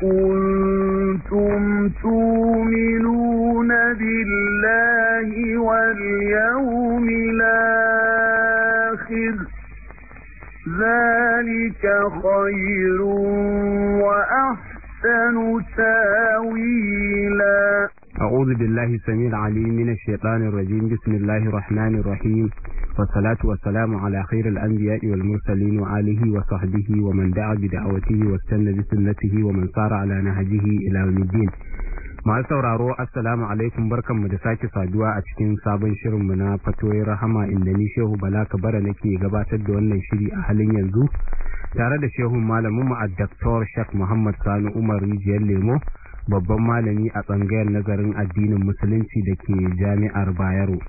كنتم تؤمنون بالله واليوم الآخر ذلك خير وأحسن تاويلا أعوذ بالله السميع العليم من الشيطان الرجيم بسم الله الرحمن الرحيم والصلاة والسلام على خير الأنبياء والمرسلين وآله وصحبه ومن دعا بدعوته واستنى بسنته ومن صار على نهجه إلى يوم الدين masu sauraro assalamu alaikum barkanmu da sake saduwa a cikin sabon mu na fatoyin rahama inda ni shehu bala kabara nake gabatar da wannan shiri a halin yanzu tare da shehun mu a dr shak muhammad sani umar rijiyar lemo babban malami a tsangayar nazarin addinin musulunci da ke jami'ar bayero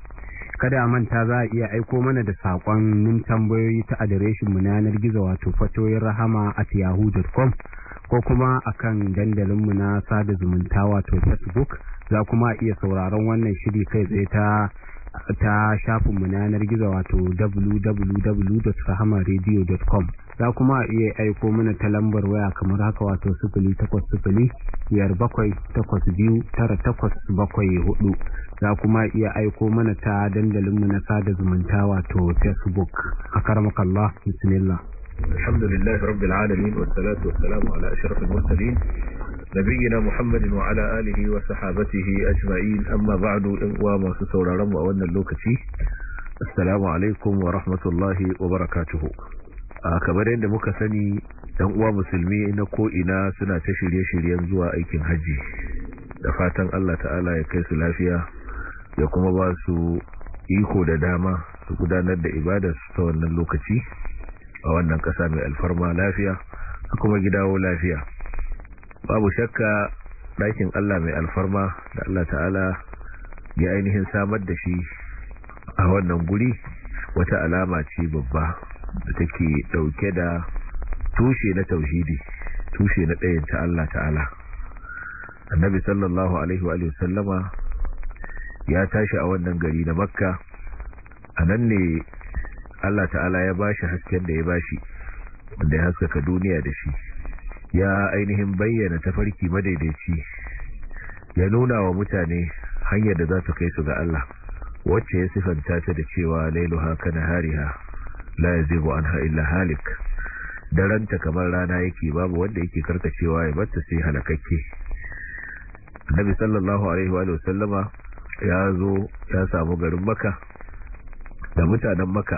kada manta za a iya aiko mana da saƙon nin tambayoyi ta adireshin mu na yanar gizo wato fatoyin rahama at yahoo.com ko kuma akan dandalinmu na sada zumunta wato facebook za kuma iya sauraron wannan shiri kai tsaye ta ta shafinmu na yanar gizo wato www.fahamaradio.com za kuma iya aiko mana ta lambar waya kamar haka wato bakwai hudu za kuma iya aiko mana ta dandalinmu na sada zumunta wato facebook a karmakallah bismillah الحمد لله رب العالمين والصلاة والسلام على أشرف المرسلين نبينا محمد وعلى آله وصحابته أجمعين أما بعد وما wannan lokaci. وأن اللوكتي السلام عليكم ورحمة الله وبركاته kamar yadda muka sani dan uwa musulmi na ko ina suna ta shirye-shiryen zuwa aikin hajji. da fatan Allah ta'ala ya kai su lafiya ya kuma ba su iko da dama su gudanar da ibadar su ta wannan lokaci a wannan ƙasa mai alfarma lafiya da kuma gidawo lafiya babu shakka ɗakin Allah mai alfarma da Allah ta'ala ya ainihin samar da shi a wannan guri wata alama ce babba da take ɗauke da tushe na tauhidi tushe na ɗayan ta Allah ta'ala annabi sallallahu alaihi wa sallama ya tashi a wannan gari na makka a nan ne Allah ta'ala ya bashi hasken da ya bashi da ya haskaka duniya da shi ya ainihin bayyana tafarki madaidaici ya nuna wa mutane hanyar da za ta kai su ga Allah wacce ya sifanta ta da cewa lailuha na hariha la yazigu anha ila halik daranta kamar rana yake babu wanda yake karkacewa ya bata sai halakakke Nabi sallallahu alaihi wa sallama ya zo ya samu garin maka da mutanen maka.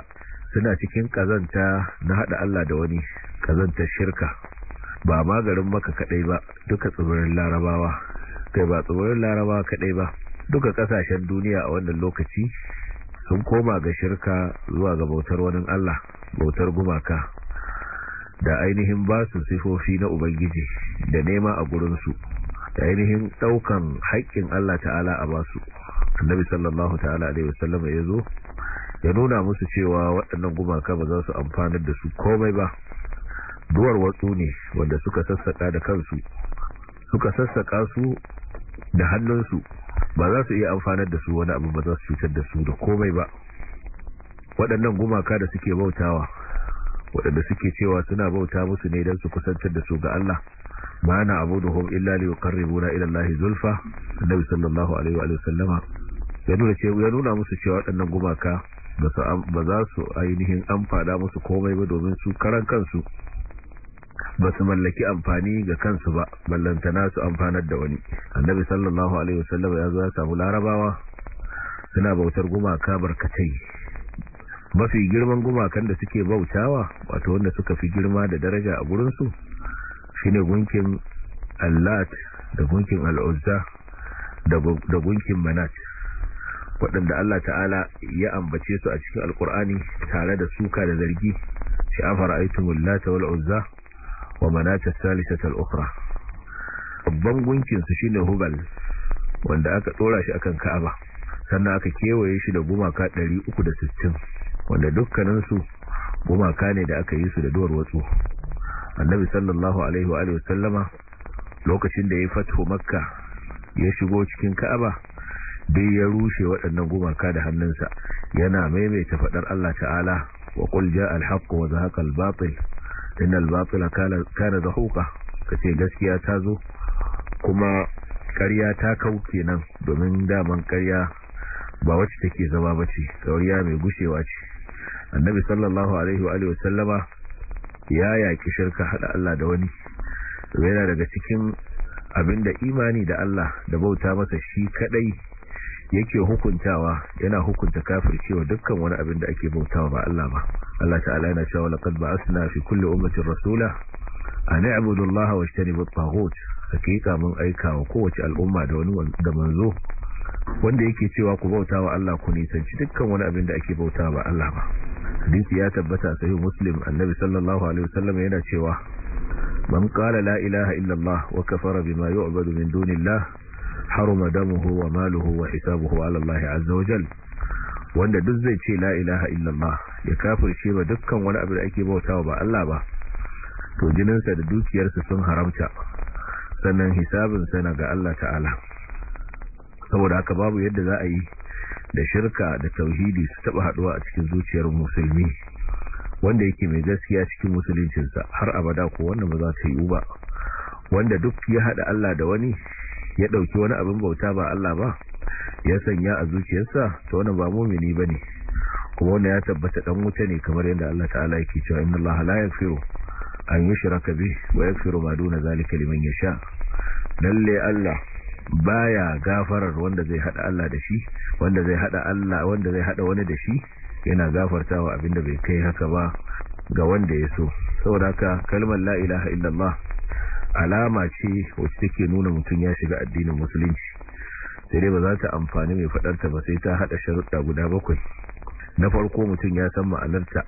suna cikin kazanta na hada Allah da wani kazanta shirka ba ma garin maka kadai ba duka tsibirin larabawa kai ba tsibirin larabawa kadai ba duka kasashen duniya a wannan lokaci sun koma ga shirka zuwa ga bautar wani Allah bautar gumaka da ainihin ba su sifofi na ubangiji da nema a gurinsu da ainihin daukan haƙƙin Allah ta'ala a basu annabi sallallahu ta'ala alaihi wasallam ya zo ya nuna musu cewa waɗannan gumaka ba za su amfanar da su komai ba duwar watsu ne wanda suka sassaƙa da kansu suka sassaƙa su da hannunsu ba za su iya amfanar da su wani abu ba za su cutar da su da komai ba waɗannan gumaka da suke bautawa waɗanda suke cewa suna bauta musu ne don su kusantar da su ga Allah ma na hom illa li yuqarribuna idan lahi zulfa annabi sallallahu alaihi wa sallama ya nuna musu cewa waɗannan gumaka ba za su ainihin amfana musu komai ba domin su karan kansu ba su mallaki amfani ga kansu ba ballantana su amfanar da wani annabi sallallahu alaihi wasallam ya zo ya samu larabawa suna bautar gumaka barkatai mafi girman gumakan da suke bautawa wato wanda suka fi girma da daraja a gurinsu shine gunkin allat da gunkin al'uzza da gunkin manat waɗanda Allah ta'ala ya ambace su a cikin alkur'ani tare da suka da zargi shi an fara'aitumul lata wal uzza wa manata salisa al babban gunkinsu shi ne hubal wanda aka tsora shi akan ka'aba sannan aka kewaye shi da gumaka 360 wanda dukkaninsu gumaka ne da aka yi su da duwar watsu annabi sallallahu alaihi wa sallama lokacin da ya fatho makka ya shigo cikin ka'aba duk ya rushe waɗannan gumaka da hannunsa yana maimaita faɗar Allah ta'ala wa qul ja'a al-haqqu wa zahaqa al-batil innal batila kana zahuqa kace gaskiya ta zo kuma ƙarya ta kauke nan domin daman ƙarya ba wacce take zama bace ƙarya mai gushewa ce annabi sallallahu alaihi wa alihi wasallama ya yaki shirka hada Allah da wani yana daga cikin abinda imani da Allah da bauta masa shi kadai yake hukuntawa yana hukunta kafircewa dukkan wani abin da ake bautawa ba Allah ba Allah ta'ala yana cewa laqad ba'athna fi kulli ummatin rasula an i'budu Allah wa ijtanibu at-taghut hakika mun aika wa kowace al'umma da wani da manzo wanda yake cewa ku bautawa Allah ku nisanci dukkan wani abin da ake bautawa ba Allah ba hadisi ya tabbata sahih muslim annabi sallallahu alaihi wasallam yana cewa man qala la ilaha illa Allah wa kafara bima yu'badu min dunillah haruma damuhu wa maluhu wa hisabuhu ala Allah azza wa jal wanda duk zai ce la ilaha illallah ya kafirce ba dukkan wani abu da ake bautawa ba Allah ba to jininsa da dukiyarsa sun haramta sannan hisabinsa na ga Allah ta'ala saboda haka babu yadda za a yi da shirka da tauhidi su taba haduwa a cikin zuciyar musulmi wanda yake mai gaskiya cikin musuluncinsa har abada ko wanda ba za ta yi ba wanda duk ya hada Allah da wani ya ɗauki wani abin bauta ba Allah ba ya sanya a zuciyarsa ta wannan ba mu'mini ne kuma wannan ya tabbata ɗan wuta ne kamar yadda Allah ta'ala yake cewa inna Allah la yaghfiru an yushraka bih wa yaghfiru ma duna zalika liman yasha lalle Allah baya gafarar wanda zai hada Allah da shi wanda zai hada Allah wanda zai hada wani da shi yana gafartawa abinda bai kai haka ba ga wanda ya so saboda haka kalmar la ilaha illallah alama ce wacce take nuna mutum ya shiga addinin musulunci sai dai ba za ta amfani mai faɗarta ba sai ta haɗa sharuɗa guda bakwai na farko mutum ya san ma'anarta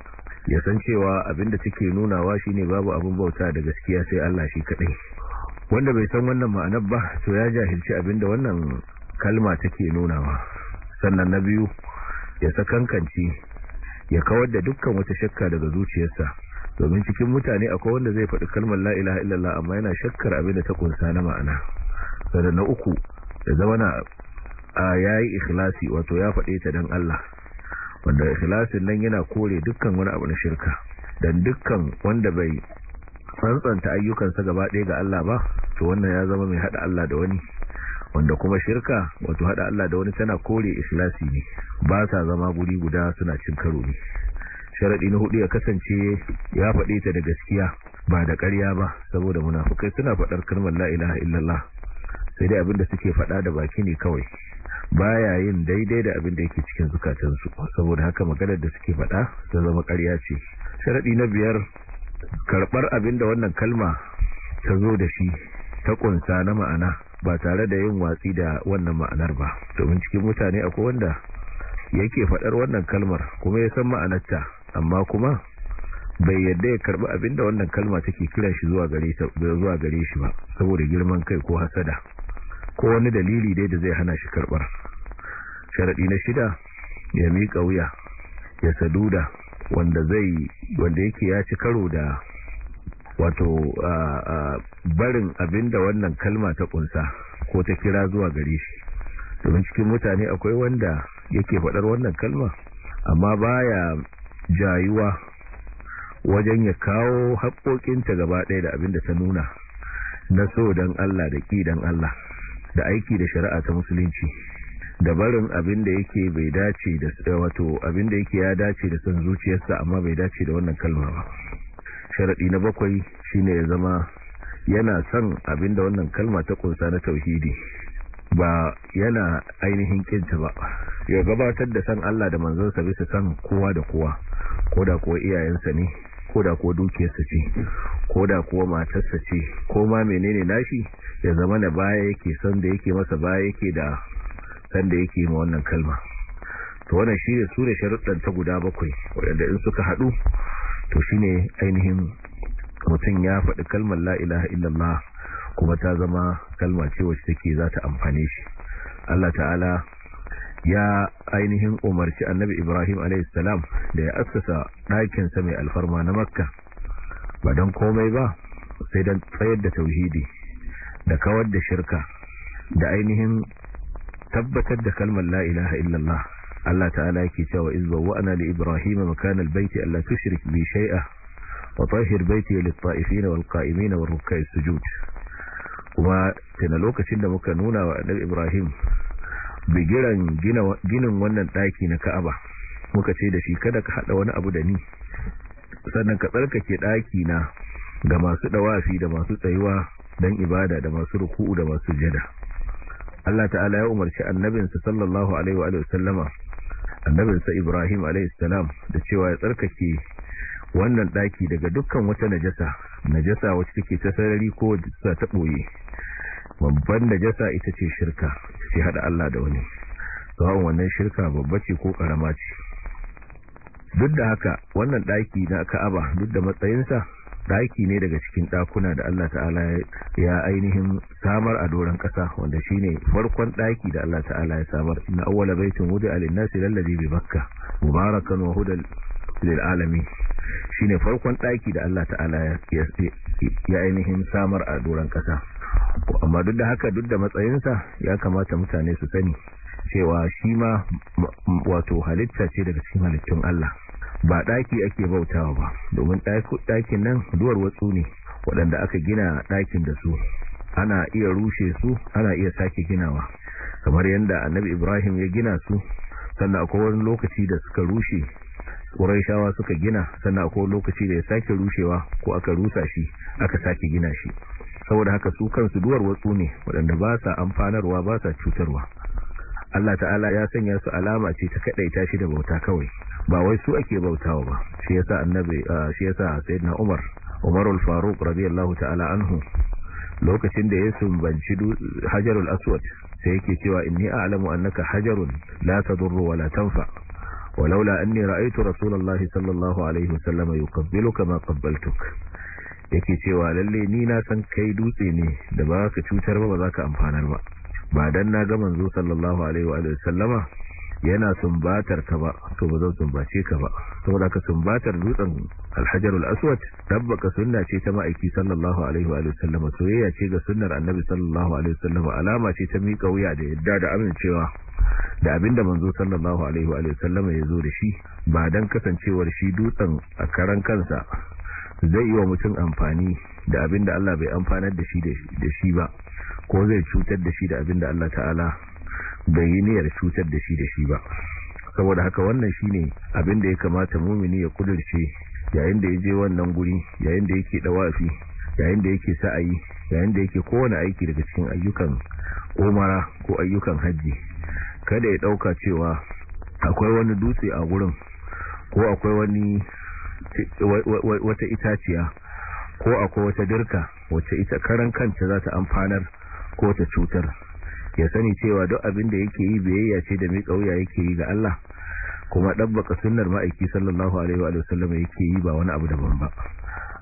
ya san cewa abinda take nunawa shine babu abin bauta da gaskiya sai Allah shi kadai wanda bai san wannan ma'anar ba to ya jahilci abinda wannan kalma take nunawa sannan na biyu ya sakankanci ya kawar da dukkan wata shakka daga zuciyarsa domin cikin mutane akwai wanda zai faɗi kalmar la ilaha illallah amma yana shakkar abin da ta kunsa na ma'ana sannan na uku da zama na a yayi ikhlasi wato ya faɗe ta dan Allah wanda ikhlasin nan yana kore dukkan wani abu na shirka dan dukkan wanda bai tsantsanta ayyukansa gaba ɗaya ga Allah ba to wannan ya zama mai haɗa Allah da wani wanda kuma shirka wato haɗa Allah da wani tana kore ikhlasi ne ba sa zama guri guda suna cin karo ne sharaɗi na hudu ya kasance ya faɗe ta da gaskiya ba da ƙarya ba saboda munafukai suna faɗar kalmar la ilaha illallah sai dai abinda suke faɗa da baki ne kawai baya yin daidai da abinda yake cikin zukatansu saboda haka maganar da suke faɗa ta zama ƙarya ce sharaɗi na biyar karɓar abinda wannan kalma ta zo da shi ta kunsa na ma'ana ba tare da yin watsi da wannan ma'anar ba domin cikin mutane akwai wanda yake faɗar wannan kalmar kuma ya san ma'anarta amma kuma bai yadda ya karbi abinda wannan kalma take kira shi zuwa gare shi ba saboda girman kai ko hasada ko wani dalili dai da zai hana shi karbar sharadi na shida ya miƙa wuya ya saduda wanda zai wanda yake ya ci karo da wato barin abinda wannan kalma ta kunsa ko ta kira zuwa gare shi domin cikin mutane akwai wanda yake faɗar wannan kalma amma baya jayuwa wajen ya kawo haƙoƙinta gaba ɗaya da abinda ta nuna na so don Allah da ƙi don Allah da aiki da shari'a ta musulunci da barin abinda da yake bai dace da eh, wato abin da yake ya dace da son zuciyarsa amma bai dace da wannan kalma ba sharadi na bakwai shine ya zama yana son abinda wannan kalma ta kunsa na tauhidi ba yana ainihin kinta ba ya gabatar da san Allah da manzonsa bisa san kowa da kowa ko da kuwa iyayensa ne ko da kuwa dukiyarsa ce ko da kuwa matarsa ce ko ma menene nashi ya zama na baya yake san da yake masa baya yake da san da yake ma wannan kalma to wannan shi ne su da ta guda bakwai waɗanda in suka haɗu to shine ainihin mutum ya faɗi kalmar la ilaha illallah kuma ta zama kalma ce wacce take za ta amfane shi Allah ta'ala ya ainihin umarci annabi Ibrahim a.s. da ya askasa ɗakinsa mai alfarma na makka ba don komai ba sai don tsayar da tauhidi da kawar da shirka da ainihin tabbatar da kalmar la ilaha illallah Allah ta'ala yake cewa izbawu ana li ibrahima makanal baiti alla tushrik bi shay'a wa tahhir baiti lit ta'ifin wal qa'imin war ruk'a'is sujud kuma tana lokacin da muka nuna wa annabi ibrahim bigiran ginin wannan daki na ka'aba muka ce da shi kada ka haɗa wani abu da ni sannan ka tsarkake ɗaki na ga masu ɗawafi da masu tsayuwa don ibada da masu ruku'u da masu jada Allah ta'ala ya umarci annabinsa sallallahu alaihi wa sallama annabinsa Ibrahim alaihi salam da cewa ya tsarkake wannan daki daga dukkan wata najasa najasa wacce take ta sarari ko ta ta boye babban najasa ita ce shirka ce hada Allah da wani tsawon wannan shirka babba ce ko karama ce duk da haka wannan daki na Ka'aba duk da matsayinsa daki ne daga cikin dakuna da Allah ta'ala ya ainihin samar a doron kasa wanda shine farkon daki da Allah ta'ala ya samar inna awwala baitin wudi'a lin-nasi lalladhi bi bakka mubarakan wa hudal lil alamin shine farkon daki da Allah ta'ala ya ainihin samar a doron kasa amma duk da haka duk da matsayinsa ya kamata mutane su sani cewa shi ma wato halitta ce daga cikin halittun Allah ba daki ake bautawa ba domin dakin nan duwar watsu ne waɗanda aka gina dakin da su ana iya rushe su ana iya sake ginawa kamar yadda annabi Ibrahim ya gina su sannan akwai wani lokaci da suka rushe ƙuraishawa suka gina sannan ko lokaci da ya sake rushewa ko aka rusa shi aka sake gina shi saboda haka su kansu duwar watsu ne waɗanda ba sa amfanarwa ba sa cutarwa Allah ta'ala ya sanya su alama ce ta ta shi da bauta kawai ba wai su ake bautawa ba shi yasa annabi shi yasa sayyidina Umar Umar al-Faruq radiyallahu ta'ala anhu lokacin da ya sumbanci Hajarul Aswad sai yake cewa inni a'lamu annaka hajarun la tadurru wa la tanfa walaula anni ra'aytu rasulullahi sallallahu alaihi wasallam yuqabbiluka ma qabbaltuk yake cewa lalle ni na san kai dutse ne da ba ka cutar ba ba za ka amfanar ba ba dan na ga manzo sallallahu alaihi wa sallama yana sumbatar ka ba to ba zan sumbace ka ba saboda ka sumbatar dutsen alhajarul aswad tabbaka sunna ce ta ma'aiki sallallahu alaihi wa sallama soyayya ce ga sunnar annabi sallallahu alaihi wa sallama alama ce ta miƙa wuya da yadda da amincewa da abinda manzo sallallahu alaihi wa sallama ya zo da shi ba dan kasancewar shi dutsen a karan kansa zai yi wa mutum amfani da abinda Allah bai amfanar da shi da shi ba ko zai cutar da shi da abinda Allah ta'ala bai yi niyyar cutar da shi da shi ba saboda haka wannan shine abinda ya kamata mumini ya kudurce yayin da ya wannan guri yayin da yake dawafi yayin da yake sa'ayi yayin da yake kowane aiki daga cikin ayyukan umara ko ayyukan hajji kada ya dauka cewa akwai wani dutse a gurin ko akwai wani wata itaciya ko akwai wata dirka wacce ita karan kanta za ta amfanar ko ta cutar ya sani cewa duk abin da yake yi biyayya ce da mai wuya yake yi ga Allah kuma ɗabbaka sunnar ma'aiki sallallahu alaihi wa sallam yake yi ba wani abu daban ba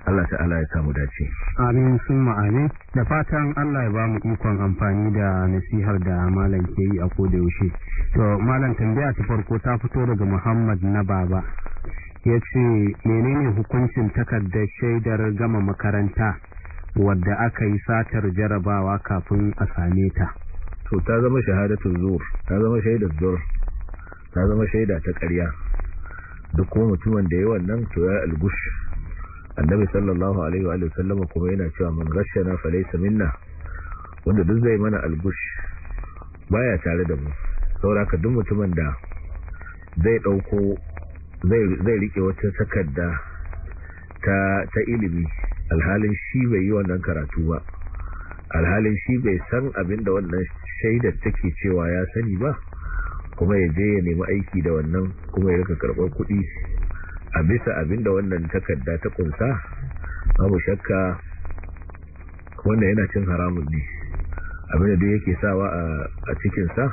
Allah ta'ala ya samu dace amin sun ma'ane da fatan Allah ya ba mu ikon amfani da nasihar da malam ke yi a koda yaushe to malam tambaya ta farko ta fito daga Muhammad na baba Ya yace menene hukuncin takardar shaidar gama makaranta wadda aka yi satar jarabawa kafin a same ta to ta zama shahadatun zuwa ta zama shaidar zuwa ta zama shaida ta ƙarya duk kuma mutumin da ya wannan to ya algush annabi sallallahu alaihi wa sallama kuma yana cewa man ghashana falaysa minna wanda duk zai mana albush baya tare da mu sauraka duk mutumin da zai dauko zai zai rike wata takarda ta ta ilimi alhalin shi bai yi wannan karatu ba alhalin shi bai san abin da wannan shaidar take cewa ya sani ba kuma ya je ya nemi aiki da wannan kuma ya rika karɓar kuɗi a bisa abinda wannan takarda ta kunsa babu shakka wanda yana cin haramun ne abinda da yake sawa a cikinsa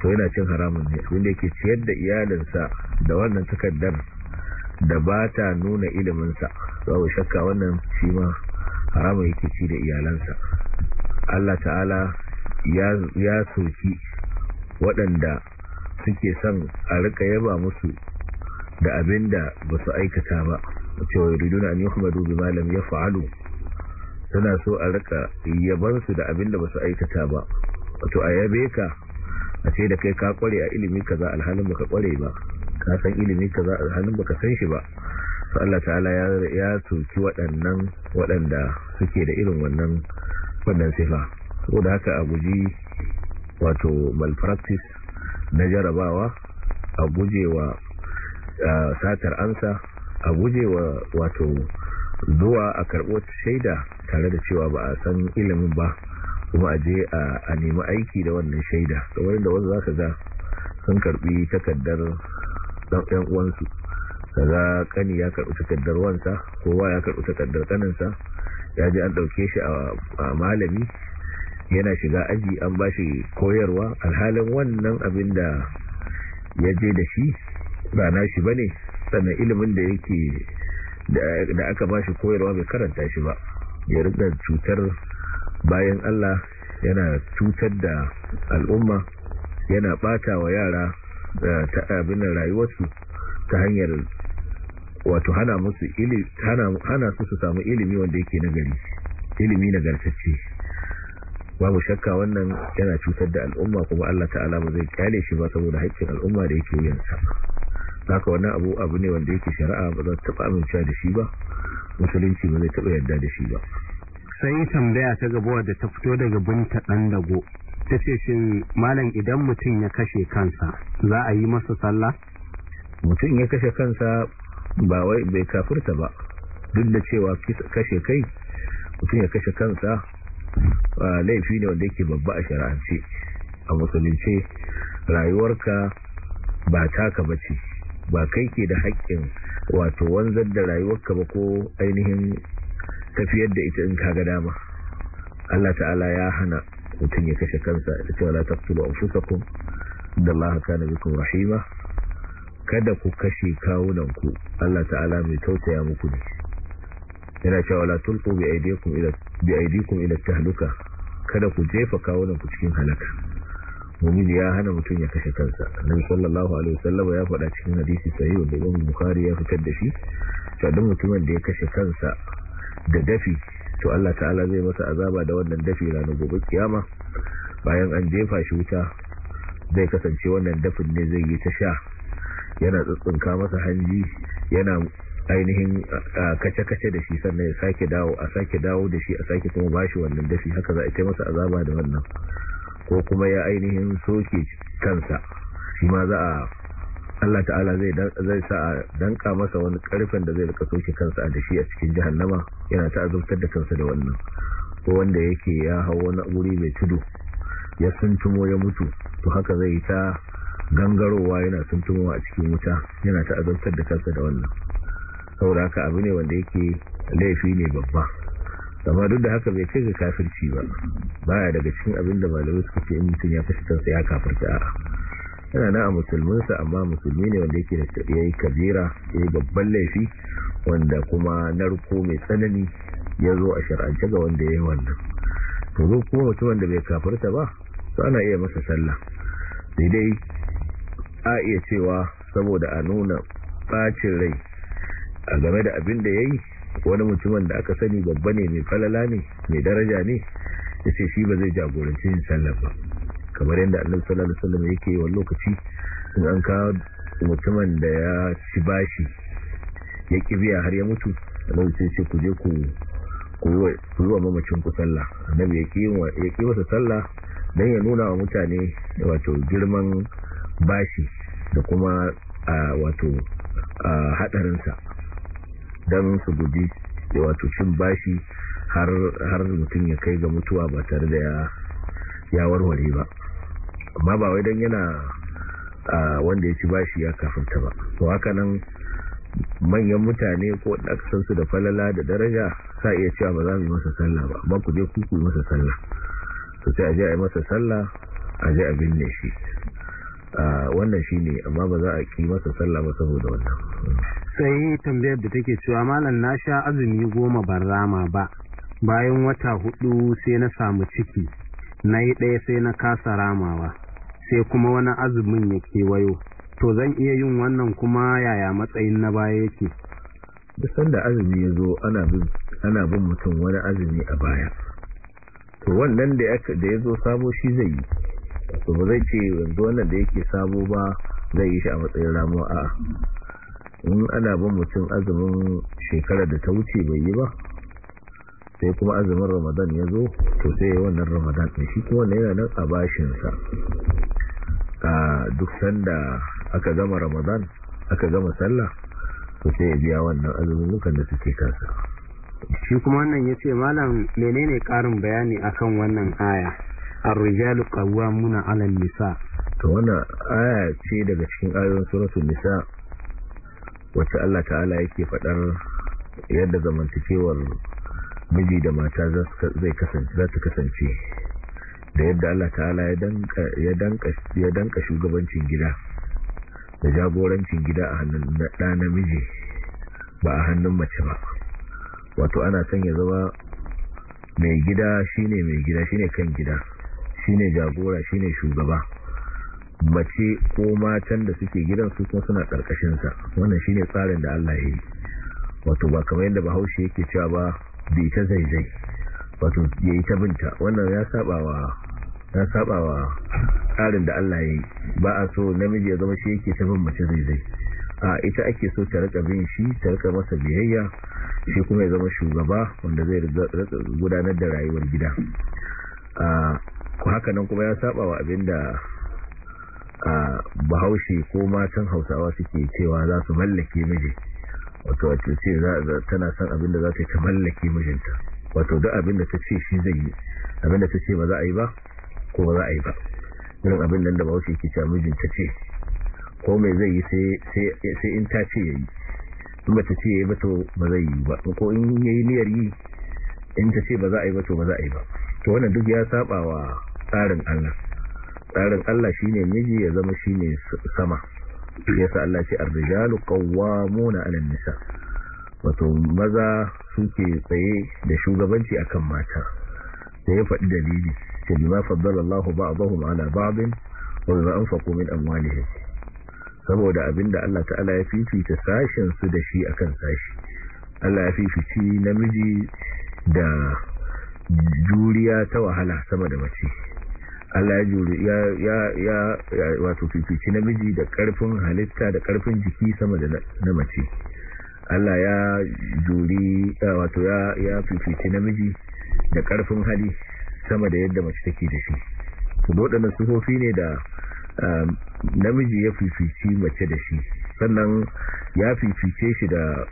to yana cin haramun ne abinda yake ciyar da iyalinsa da wannan takardar da ba ta nuna iliminsa babu shakka wannan shi ma haramun yake ci da iyalansa Allah ta'ala ya soki waɗanda suke son a rika yaba musu da abin da ba su aikata ba a cewa na an dubi malam ya fa’alu suna so a rika yaban su da abin da ba su aikata ba wato a yabe ka a ce da kai ka kware a ilimin ilimi kaza alhalin baka kware ba ka san ilimin ilimi kaza alhalin baka san shi ba su Allah ta'ala ya ya waɗannan waɗanda suke da irin wannan wannan sifa da haka a guji wato malpractice na jarabawa a guje wa. satar ansa a guje wa wato zuwa a karɓo shaida tare da cewa ba a san ilimin ba kuma a je a nemi aiki da wannan shaida wani da wasu za ka ga sun karɓi takardar ɗan uwansu za kani ya karɓi takardar wansa kowa ya karɓi takardar ƙaninsa ya ji an ɗauke shi a malami yana shiga aji an ba shi koyarwa alhalin wannan abin da ya je da shi shi ba ne bane sannan ilimin da yake da aka shi koyarwa bai karanta shi ba ya rika cutar bayan Allah yana cutar da al'umma yana bata wa yara eh, ta abin rayuwarsu ta hanyar wato hana musu hana su su samu ilimi wanda yake na ilimi na babu shakka wannan yana cutar da al'umma kuma Allah ta'ala ba zai kyale shi ba saboda haƙƙin al'umma da yake yin sa haka wannan abu abu ne wanda yake shari'a ba za ta taba amincewa da shi ba musulunci ba zai taba yarda da shi ba sai tambaya ta gaba da ta fito daga binta ɗan dago ta ce shin malam idan mutum ya kashe kansa za a yi masa sallah mutum ya kashe kansa ba wai bai kafirta ba duk da cewa kashe kai mutum ya kashe kansa laifi ne wanda yake babba a shari'ance a musulunci rayuwarka ba taka bace ba kai ke da haƙƙin wato wanzar da rayuwarka ba ko ainihin tafiyar da ita in ka ga dama Allah ta'ala ya hana mutum ya kashe kansa da cewa la taqtulu anfusakum inna Allaha kana bikum rahima kada ku kashe kawunan ku Allah ta'ala mai tausaya muku ne yana cewa la tulqu bi aydikum ila bi aydikum ila tahluka kada ku jefa kawunan ku cikin halaka namiji ya hana mutum ya kashe kansa annabi sallallahu alaihi wasallam ya faɗa cikin hadisi sahih wanda Imam Bukhari ya fitar da shi to duk mutumin da ya kashe kansa da dafi to Allah ta'ala zai masa azaba da wannan dafi ranar gobe kiyama bayan an jefa shi wuta zai kasance wannan dafin ne zai yi ta sha yana tsuntsunka masa hanji yana ainihin kace-kace da shi sannan ya sake dawo a sake dawo da shi a sake kuma bashi wannan dafi haka za a ta masa azaba da wannan ko kuma ya ainihin soke kansa shi ma za a Allah ta'ala zai zai sa a danka masa wani karfin da zai rika soke kansa a shi a cikin jahannama yana ta azabtar da kansa da wannan ko wanda yake ya hau wani wuri mai tudu ya suntumo ya mutu to haka zai ta gangarowa yana suntumowa a cikin wuta yana ta azabtar da kansa da wannan saboda haka abu ne wanda yake laifi ne babba amma duk da haka bai kai ga kafirci ba baya daga cikin abin da malamai suka ce in mutum ya kashe kansa ya kafirta a'a yana na a musulminsa amma musulmi ne wanda yake da yayi kabira yayi babban laifi wanda kuma narko mai tsanani ya zo a shar'ance ga wanda yayi wannan to zo kuma mutum wanda bai kafirta ba to ana iya masa sallah daidai dai a iya cewa saboda a nuna bacin rai a game da abin da yayi wani mutumin da aka sani babba ne mai falala ne mai daraja ne ya ce shi ba zai jagoranci yin sallar ba kamar yadda annal salar salar yake wani lokaci in an kawo mutumin da ya ci bashi ya kibiya har ya mutu annabi sai ce ku je ku yi wa mamacin ku sallah annabi ya ki masa sallah don ya nuna wa mutane wato girman bashi da kuma wato hadarinsa don su guji da wato cin bashi har mutum ya kai ga mutuwa ba tare da ya warware ba amma ba wai don yana wanda ya ci bashi ya kafinta ba to haka nan manyan mutane ko su da falala da daraja sa iya cewa ba za mu yi masa sallah ba amma ku je kuku masa sallah to sai a je a yi masa sallah a je a binne shi wannan shi ne amma ba za a ki masa sallah ba saboda wannan sai tambayar da take cewa malam na sha azumi goma ban rama ba bayan wata hudu sai na samu ciki na yi ɗaya sai na kasa ramawa sai kuma wani azumin ya kewayo to zan iya yin wannan kuma yaya matsayin na baya yake da sanda azumi ya zo ana bin mutum wani azumi a baya to wannan da ya zo sabo shi zai yi to ba zai ce yanzu wannan da yake sabo ba zai yi shi a matsayin ramuwa a in ana bin mutum azumin shekarar da ta wuce bai yi ba sai kuma azumin ramadan ya zo to sai ya wannan ramadan ɗin shi kuma yana nan a bashinsa a duk sanda aka gama ramadan aka gama sallah to sai ya biya wannan azumin lukan da suke kansa shi kuma wannan ya ce malam menene ƙarin bayani akan wannan aya الرجال قوامون alal nisa. to wannan aya ce daga cikin ayoyin suratul nisa wacce Allah ta'ala yake faɗar yadda zamantakewar miji da mata zai kasance za ta kasance da yadda Allah ta'ala ya danka shugabancin gida da jagorancin gida a hannun ɗa namiji ba a hannun mace ba wato ana son ya zama mai gida shine mai gida shine kan gida shine jagora shine shugaba mace ko matan da suke gidan su kuma suna karkashin sa wannan shine tsarin da Allah ya yi wato ba kamar yadda bahaushe yake cewa ba bi ta zaizai wato yayi ta binta wannan ya sabawa ya sabawa tsarin da Allah ya yi ba a so namiji ya zama shi yake ta bin mace zaizai a ita ake so ta rika bin shi ta rika masa biyayya shi kuma ya zama shugaba wanda zai gudanar da rayuwar gida ko haka nan kuma ya sabawa abinda a bahaushe ko matan hausawa suke cewa za su mallake miji wato wato ce tana san abin da za ta ta mallake mijinta wato duk abin da ta ce shi zai yi abin da ta ce ba za a yi ba ko ba za a yi ba irin abin da bahaushe ke cewa mijinta ce ko mai zai yi sai in ta ce ya yi in ba ta ce ya yi ba to ba zai yi ba ko in ya yi niyar yi in ta ce ba za a yi ba to ba za a yi ba to wannan duk ya saba wa tsarin Allah tsarin Allah shine miji ya zama shine sama sa Allah ce ar-rijalu qawwamuna 'ala nisa wato maza suke tsaye da shugabanci akan mata da ya faɗi dalili ce bima faddala Allahu ba'dahum 'ala ba'din wa bima anfaqu min amwalihim saboda abinda Allah ta'ala ya fifita sashin su da shi akan sashi Allah ya fifici namiji da juriya ta wahala sama da mace Allah ya juri ya ya ya wato fifici namiji da karfin halitta da karfin jiki sama da na mace Allah ya juri wato ya ya fifici namiji da karfin hali sama da yadda mace take da shi to wadannan sufofi ne da namiji ya fifici mace da shi sannan ya fifice shi da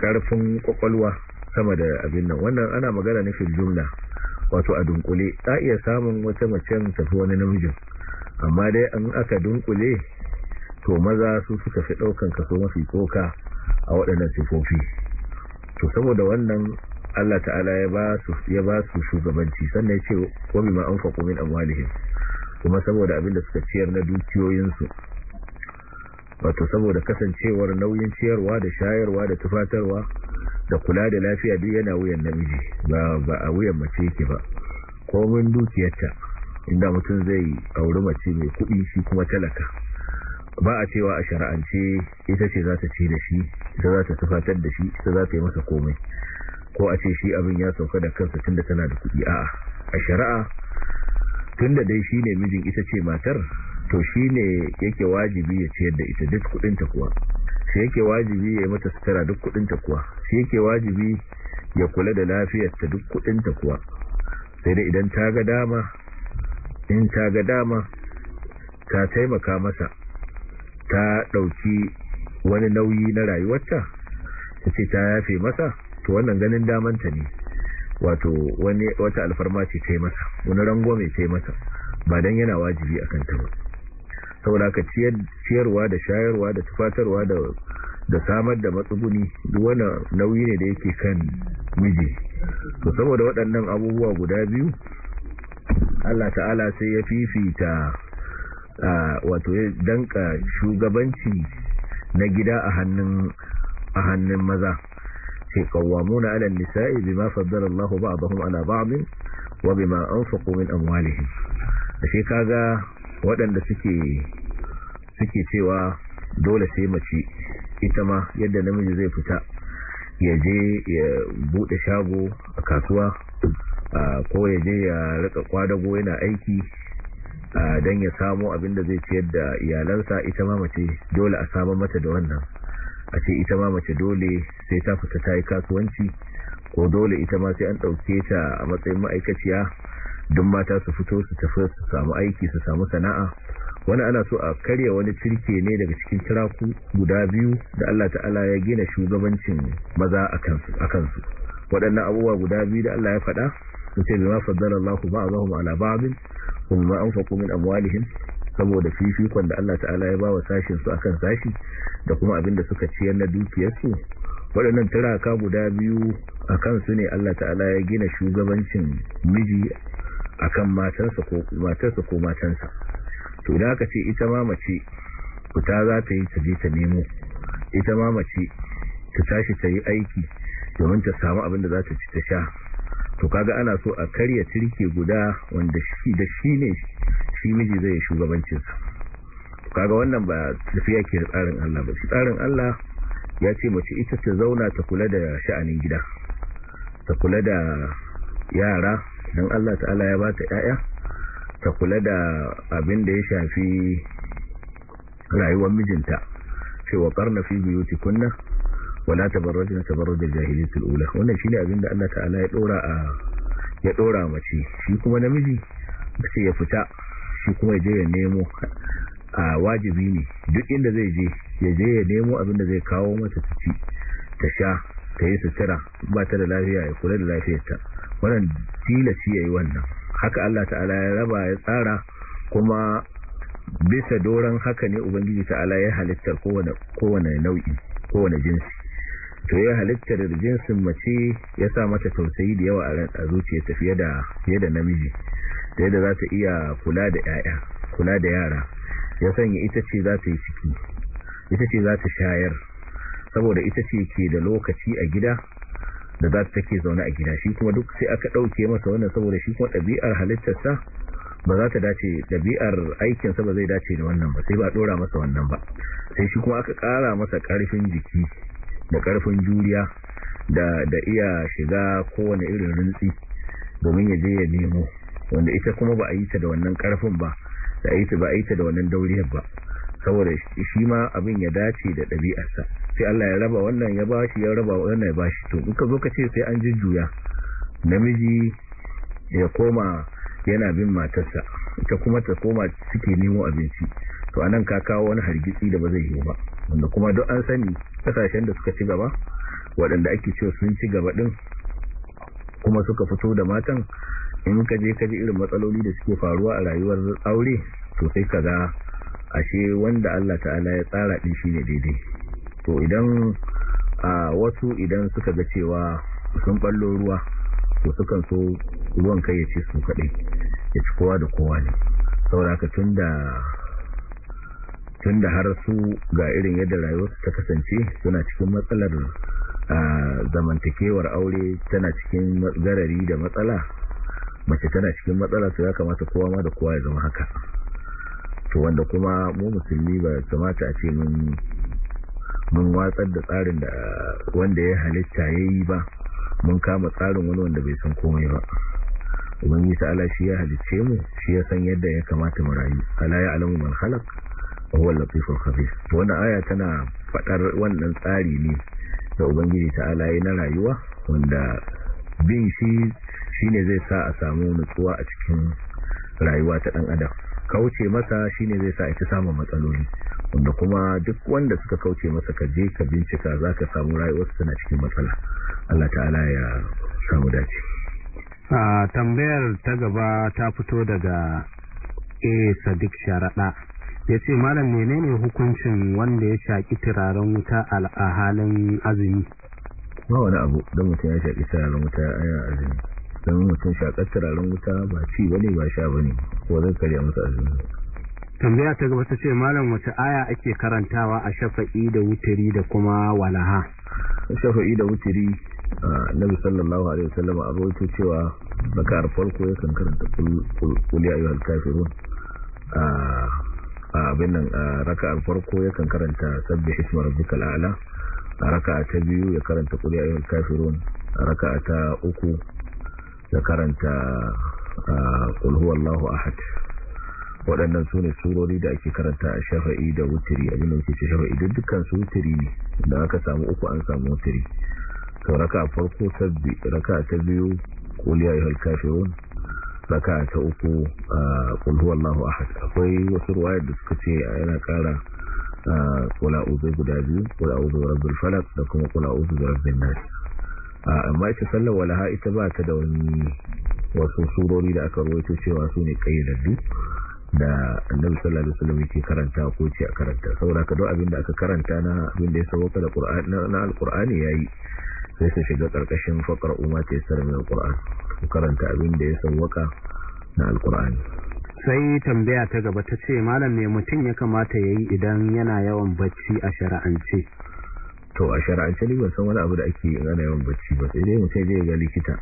karfin kwakwalwa sama da abin nan wannan ana magana ne fil jumla wato a dunkule a iya samun wata macen tafi wani namijin amma dai an aka dunkule to maza su suka fi daukan kaso mafi tsoka a waɗannan sifofi to saboda wannan Allah ta'ala ya ba su ya ba su shugabanci sannan ya ce wa ma anfaqu min amwalihim kuma saboda abin da suka ciyar na dukiyoyinsu wato saboda kasancewar nauyin ciyarwa da shayarwa da tufatarwa da kula da lafiya duk yana wuyan namiji ba ba a wuyan mace yake ba komin dukiyarta inda mutum zai auri mace mai kuɗi shi kuma talaka ba a cewa a shari'ance ita ce za ta ci da shi ita za ta tufatar da shi ita za ta yi masa komai ko a ce shi abin ya sauka da kansa tunda tana da kuɗi a'a a shari'a tunda dai shi ne mijin ita ce matar to shi ne yake wajibi ya ciyar da ita duk kuɗinta kuwa shi yake wajibi ya yi mata sutura duk kudinta kuwa shi yake wajibi ya kula da lafiyarta duk kudinta kuwa sai dai idan ta ga dama in ta ga dama ta taimaka masa ta ɗauki wani nauyi na rayuwarta ta ce ta yafe masa to wannan ganin damanta ne wato wani wata alfarma ce ta masa wani rangon mai ta masa ba don yana wajibi a kanta ba saboda ka ciyarwa da shayarwa da tufatarwa da samar da matsuguni duk wani nauyi ne da yake kan miji to saboda waɗannan abubuwa guda biyu Allah ta'ala sai ya fifita wato ya danka shugabanci na gida a hannun a hannun maza sai qawwamuna 'ala an-nisa'i bima faddala Allahu ba'dahum 'ala ba'd wa bima anfaqu min amwalihim sai kaga waɗanda suke cewa dole sai mace ita ma yadda namiji zai fita ya je ya buɗe shago a kasuwa ko ya je ya rika kwadago yana aiki don ya samo abinda zai ciyar da iyalansa ita ma mace dole a samun mata da wannan a ce ita ma mace dole sai ta fita ta yi kasuwanci ko dole ita ma sai an ɗauke ta a matsayin ma'aikaciya don mata su fito su tafi su samu aiki su samu sana'a wani ana so a karya wani cirke ne daga cikin tiraku guda biyu da Allah ta'ala ya gina shugabancin maza a kansu waɗannan abubuwa guda biyu da Allah ya faɗa mutum bima faddala Allahu ba'dahum ala ba'd kuma faƙo min amwalihim saboda fifikon da Allah ta'ala ya bawa sashin su akan sashi da kuma abin da suka ciyar na dukiyarsu waɗannan turaka guda biyu a kansu ne Allah ta'ala ya gina shugabancin miji akan matarsa ko matarsa ko matansa to da aka ce ita ma mace fita za ta yi ta je ta nemo ita ma mace ta tashi ta yi aiki domin ta samu abin da za ta ci ta sha to kaga ana so a karya turke guda wanda shi da shi ne shi miji zai shugabancinsa kaga wannan ba tafiya ke da tsarin Allah ba tsarin Allah ya ce mace ita ta zauna ta kula da sha'anin gida ta kula da yara don Allah ta'ala ya ba ta ‘ya'ya ta kula da abin da ya shafi rayuwar mijinta cewa karna fi biyuti kunna wala tabarrajin tabarrajar jahiliyatul ula wannan ne abin da Allah ta'ala ya dora a ya dora mace shi kuma namiji sai ya fita shi kuma je ya nemo a wajibi ne duk inda zai je ya je ya nemo abin da zai kawo mata ta ta sha ta yi sutura ba ta da lafiya ya kula da lafiyarta wannan tilaci yi wannan haka Allah ta'ala ya raba ya tsara kuma bisa doron haka ne ubangiji ta'ala ya halittar kowane kowane nau'i kowane jinsi to ya halittar jinsin mace ya sa mata tausayi da yawa a zuciya tafiye da fiye da namiji da yadda za ta iya kula da 'ya'ya kula da yara ya sanya ita ce za ta yi ciki ita ce za ta shayar saboda ita ce ke da lokaci a gida da za ta take zaune a gida shi kuma duk sai aka ɗauke masa wannan saboda shi kuma ɗabi'ar halittarsa ba za ta dace ɗabi'ar aikinsa ba zai dace da wannan ba sai ba ɗora masa wannan ba sai shi kuma aka ƙara masa ƙarfin jiki da ƙarfin juriya da da iya shiga kowane irin rintsi domin ya je ya nemo wanda ita kuma ba a yi ta da wannan ƙarfin ba da a yi ta ba a yi ta da wannan dauriyar ba saboda shi ma abin ya dace da ɗabi'arsa sai Allah ya raba wannan ya bashi ya raba wannan ya bashi to duka zo ka ce sai an jujjuya namiji ya koma yana bin matarsa ita kuma ta koma suke nemo abinci to anan ka kawo wani hargitsi da ba zai yi ba wanda kuma duk an sani kasashen da suka ci gaba waɗanda ake cewa sun ci gaba ɗin kuma suka fito da matan in ka je ka ji irin matsaloli da suke faruwa a rayuwar aure to sai ka ga ashe wanda Allah ta'ala ya tsara din shine daidai to idan wasu idan suka ga cewa sun ballo ruwa to sukan so ruwan kai ya ce su kaɗai ya ci kowa da kowa ne sauraka tun da har su ga irin yadda rayuwarsu ta kasance suna cikin matsalar zamantakewar aure tana cikin garari da matsala mace tana cikin matsala su ya kamata kowa ma da kowa ya zama haka to wanda kuma mu musulmi ba kamata a ce mun mun watsar da tsarin da wanda ya halitta ya yi ba mun kama tsarin wani wanda bai san komai ba ubangiji ta'ala shi ya halicce mu shi ya san yadda ya kamata mu rayu ala ya alamu man halak a latiful khabir to wani aya tana faɗar wannan tsari ne da ubangiji ta'ala ya na rayuwa wanda bin shi shine zai sa a samu nutsuwa a cikin rayuwa ta dan adam kauce masa shine zai sa ita samun matsaloli wanda kuma duk wanda suka kauce masa ka je ka bincika zaka samu su tana cikin matsala Allah ta'ala ya samu dace a tambayar ta gaba ta fito daga A Sadiq Sharada yace malam menene hukuncin wanda ya shaki turaren wuta a halin azumi ba wani abu don mutum ya shaki turaren wuta a azumi don mutum shakar turaren wuta ba ci wani ba sha ba ne ko zai karya masa azumi tambaya ta gaba ta ce malam wata aya ake karantawa a shafa'i da wutiri da kuma walaha a shafa'i da wutiri nabi sallallahu alaihi wasallam a rawaito cewa bakar farko kan karanta kul ya ayyuhal kafirun a abin nan raka'ar farko kan karanta sabbih isma rabbikal a raka'a ta biyu ya karanta kul ya ayyuhal kafirun raka'a ta uku da karanta kulhuwallahu ahad waɗannan su ne surori da ake karanta a shafa'i da wutiri abin da muke shafa'i duk dukkan wutiri ne da aka samu uku an samu wutiri to raka farko raka ta biyu qul ya ayyuhal kafirun raka ta uku qul huwallahu ahad akwai wasu ruwa da suka ce yana ƙara kula uzu guda biyu kula uzu birabbil falaq da kuma kula uzu birabbin nas amma ita sallar walaha ita ba ta da wani wasu surori da aka rawaito cewa su ne kayyadaddu da annabi sallallahu alaihi wasallam yake karanta ko ce a karanta saboda ka duk abin da aka karanta na abin da ya sabo da Qur'ani na alqur'ani yayi sai su shiga karkashin faqra umma ta yasar min alqur'an ku karanta abin da ya ka na alqur'ani sai tambaya ta gaba ta ce malam ne mutum ya kamata yayi idan yana yawan bacci a shar'ance to a shara'ance ne wasan wani abu da ake yin ana yawan bacci ba sai dai mutum zai ga likita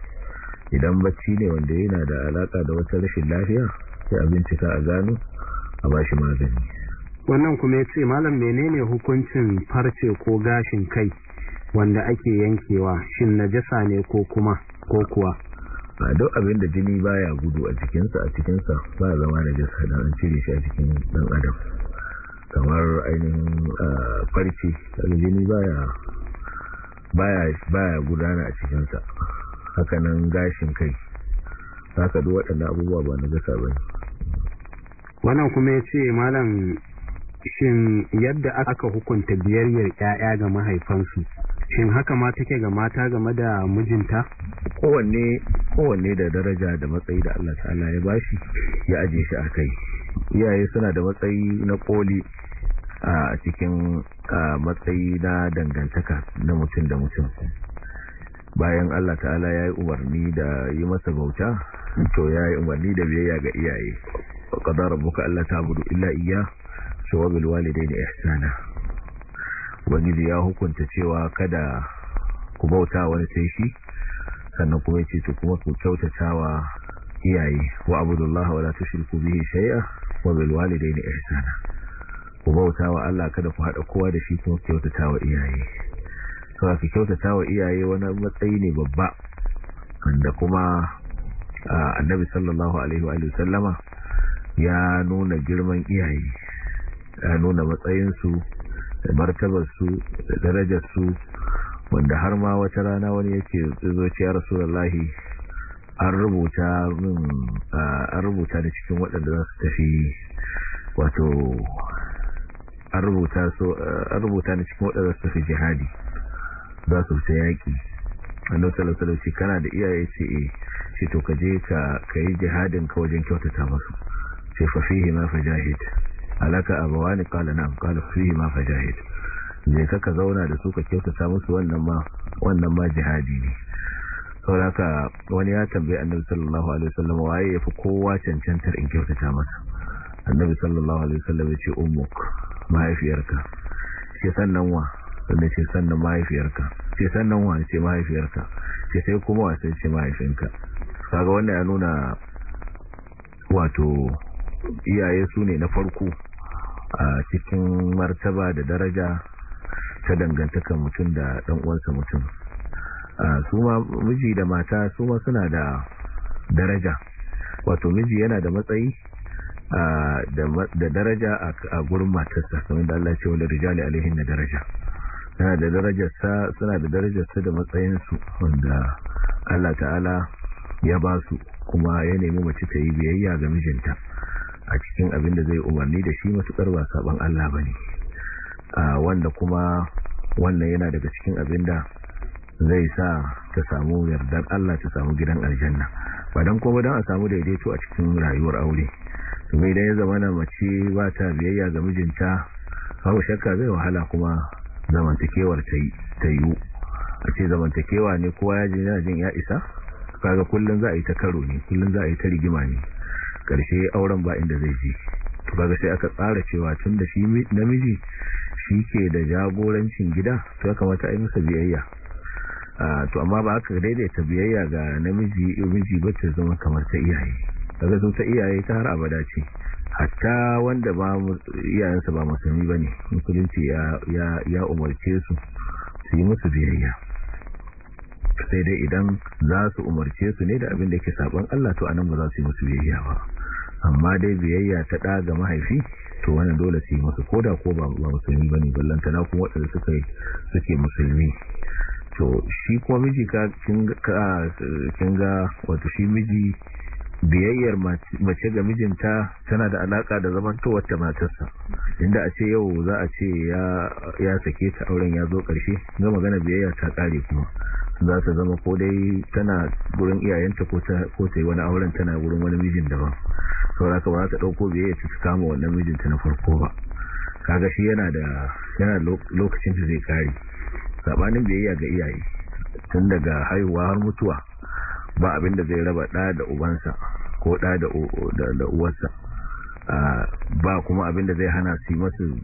idan bacci ne wanda yana da alaka da wata rashin lafiya sai a bincika a gano a ba shi magani wannan kuma ya ce malam menene hukuncin farce ko gashin kai wanda ake yankewa shin najasa ne ko kuma ko kuwa a duk abin da jini baya gudu a cikinsa a cikinsa ba zama najasa da an cire shi a cikin dan adam kamar ainihin ah, farce aljini baya baya baya gudana a cikinsa hakanan gashin kai haka duk waɗannan abubuwa ba na gasa ba ne wannan kuma ya ce malam shin yadda aka hukunta biyayyar 'ya'ya ga mahaifansu shin haka ma take ga mata game da mijinta kowanne da daraja da matsayi da Allah ta'ala ya bashi ya aje shi kai. iyaye suna da matsayi na koli a cikin matsayi na dangantaka na mutum da mutum bayan Allah ta'ala ya yi umarni da yi masa bauta to ya yi umarni da biyayya ga iyaye buka Allah ta budu illa iya. su wa walidai walidayni ihsana wani ya hukunta cewa kada ku bauta wani sai shi sannan kuma ce su kuma ku kyautatawa iyaye wa abudullah wa la tushriku bihi shay'a wa bil ne ihsana ku bauta wa Allah kada ku hada kowa da shi kuma kyautata wa iyaye to ku kyautata wa iyaye wani matsayi ne babba wanda kuma annabi sallallahu alaihi wa sallama ya nuna girman iyaye ya nuna matsayinsu da martabarsu da darajarsu wanda har ma wata rana wani yake zo ya rasulullahi an rubuta min an rubuta da cikin waɗanda za su tafi wato an rubuta so an rubuta da cikin waɗanda za su tafi jihadi za su fita yaƙi annabi sallallahu alaihi wasallam kana da iyaye ce eh ce to ka je ka kai jihadin ka wajen kyautata musu ce fa fihi ma fajahid alaka abawani kala na kala fihi ma fajahid je ka ka zauna da su ka kyautata musu wannan ma wannan ma jihadi ne saboda haka wani ya tambayi annabi sallallahu alaihi wasallam waye yafi kowa cancantar in kyautata masa annabi sallallahu alaihi wasallam ya ce ummuk mahaifiyarka ce sannan wa sannan ce sannan mahaifiyarka ce sannan wa ce mahaifiyarka ce sai kuma wa sai ce mahaifinka kaga wannan ya nuna wato iyaye su ne na farko a cikin martaba da daraja ta dangantaka mutum da dan uwansa mutum Ah, su ma miji da mata su ma suna da daraja wato miji yana da matsayi ah, da daraja a gurin matarsa kamar da Allah ce wanda rijali alaihin na daraja yana da darajarsa suna da darajarsa da matsayinsu wanda Allah ta'ala ya ba su kuma ya nemi mace ta yi biyayya ga mijinta a cikin abin da zai umarni da shi matuƙar ba saban Allah ba ne ah, wanda kuma wannan yana daga cikin abin da zai sa ta samu yardar Allah ta samu gidan aljanna ba dan kuma dan a samu daidaito a cikin rayuwar aure mai idan ya zama na mace ba ta biyayya ga mijinta babu shakka zai wahala kuma zamantakewar ta yiwu a ce zamantakewa ne kowa ya jin jin ya isa kaga kullum za a yi ta karo ne kullum za a yi ta rigima ne karshe auren ba inda zai ji to kaga sai aka tsara cewa tun da shi namiji shi ke da jagorancin gida to ya kamata a yi masa biyayya to amma ba aka daidaita biyayya ga namiji miji ba ta zama kamar ta iyaye daga sun ta iyaye ta har abada ce hatta wanda ba iyayensa ba musulmi ba ne musulunci ya umarce su su yi musu biyayya sai dai idan za su umarce su ne da abin da ke saban Allah to anan ba za su yi musu biyayya ba amma dai biyayya ta ɗa ga mahaifi to wannan dole su yi musu koda ko ba musulmi ba ne ballantana kuma waɗanda suke musulmi to shi kuma miji ka kin ga wato shi miji biyayyar mace ga mijinta tana da alaka da zamantowar ta matarsa inda a ce yau za a ce ya sake ta auren ya zo karshe zama gana biyayya ta kare kuma za ta zama ko dai tana gurin iyayenta ko ta yi wani auren tana gurin wani mijin daban sauraka ba za ta ɗauko biyayya ta kama wannan mijinta na farko ba kaga shi yana da lokacin da zai kare sabanin biyayya ga iyaye tun daga haihuwa har mutuwa ba abin da zai raba ɗa da ubansa ko ɗa da uwarsa ba kuma abin da zai hana su masu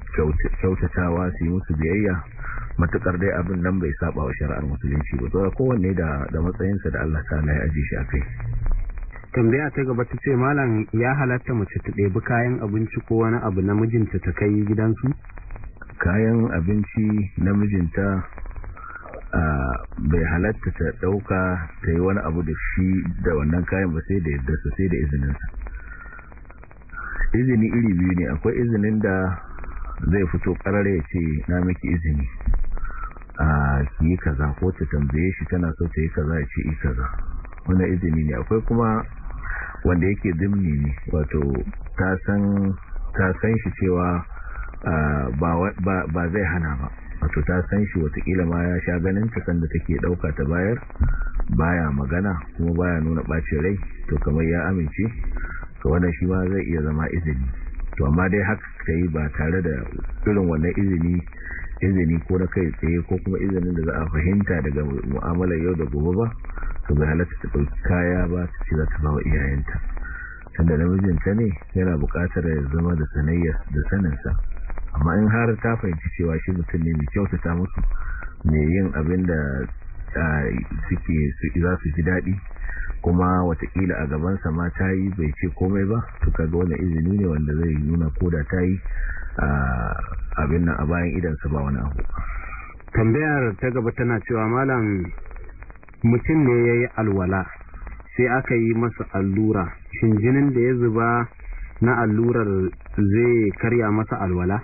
kyautatawa su yi musu biyayya matukar dai abin nan bai saba wa shari'ar musulunci ba zuwa kowanne da da matsayinsa da Allah ta ya aji shi a tambaya ta gaba ta ce malam ya halatta mace ta ɗebi kayan abinci ko wani abu na mijinta ta kai gidansu kayan abinci na mijinta bai halatta ta dauka ta yi wani abu da shi da wannan kayan ba sai da yadda su sai da izinin izininsa izini iri biyu ne akwai izinin da zai fito karar ya ce na miki izini a ki yi kaza ko ta tambaye shi tana so ta yi kaza ya ce yi kaza wani izini ne akwai kuma wanda yake dimni ne wato ta san shi cewa ba zai hana ba wato ta san shi watakila ma ya sha ganin ta sanda take dauka ta bayar baya magana kuma baya nuna bacin rai to kamar ya amince to wannan shi ma zai iya zama izini to amma dai haka ka yi ba tare da irin wannan izini izini ko na kai tsaye ko kuma izinin da za a fahimta daga mu'amalar yau da gobe ba to bai halatta ta ɗauki kaya ba ta ce za ta ba iyayenta tunda namijinta ne yana buƙatar ya zama da sanayyar da saninsa amma in har ta fahimci cewa shi mutum ne mai kyautata musu mai yin abin da suke su za su ji daɗi kuma watakila a gabansa ma ta yi bai ce komai ba to kaga wani izini ne wanda zai nuna koda ta yi abin nan a bayan idansa ba wani abu tambayar ta gaba tana cewa malam mutum ne ya yi alwala sai aka yi masa allura shin jinin da ya zuba na allurar zai karya masa alwala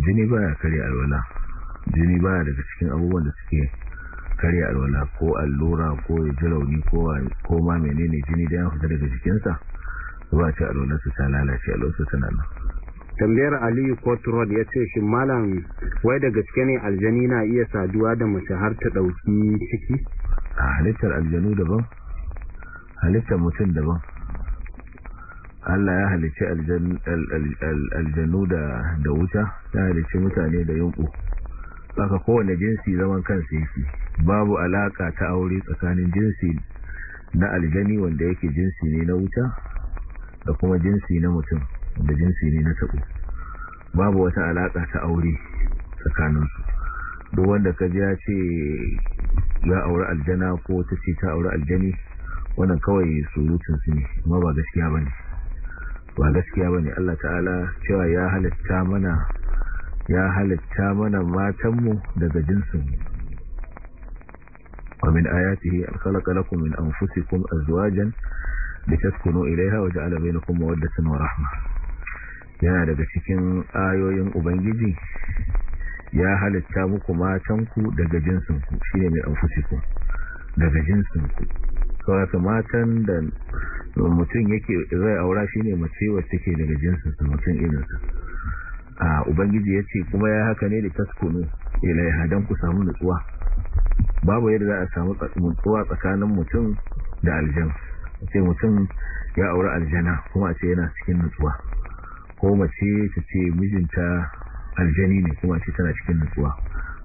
jini baya kare alwala jini baya daga cikin abubuwan da suke kare alwala ko allura ko jirauni ko ma menene jini da ya fita daga jikinsa ba ce alwalarsa ta lalace alwalarsa tana nan tambayar aliyu kotron ya ce shi malam wai da gaske ne aljani na iya saduwa da mace har ta dauki ciki a halittar aljanu daban halittar mutum daban Allah ya halice aljanu da wuta ya halice mutane da yunku saka kowane jinsi zaman kansa yake babu alaka ta aure tsakanin jinsi na aljani wanda yake jinsi ne na wuta da kuma jinsi na mutum da jinsi ne na taɓo babu wata alaka ta aure tsakaninsu duk wanda ka ji ya ce ya aure aljana ko ta ce ta aure aljani wannan kawai surutun su ne amma ba gaskiya bane ba gaskiya bane Allah ta'ala cewa ya halitta mana ya halitta mana matanmu daga jinsinmu wa min ayatihi khalaqa lakum min anfusikum azwajan litaskunu ilayha wa ja'ala bainakum mawaddatan wa rahma yana daga cikin ayoyin ubangiji ya halitta muku matanku daga ku shine mai anfusikum daga jinsinku saurata matan da mutum yake zai aura shi ne mace wacce ke daga jinsinsa mutum irinsa a ubangiji ya ce kuma ya haka ne da taskunu ilai hadan ku samu nutsuwa babu yadda za a samu nutsuwa tsakanin mutum da aljan ce mutum ya aura aljana kuma a ce yana cikin nutsuwa ko mace ta ce mijinta aljani ne kuma ce tana cikin nutsuwa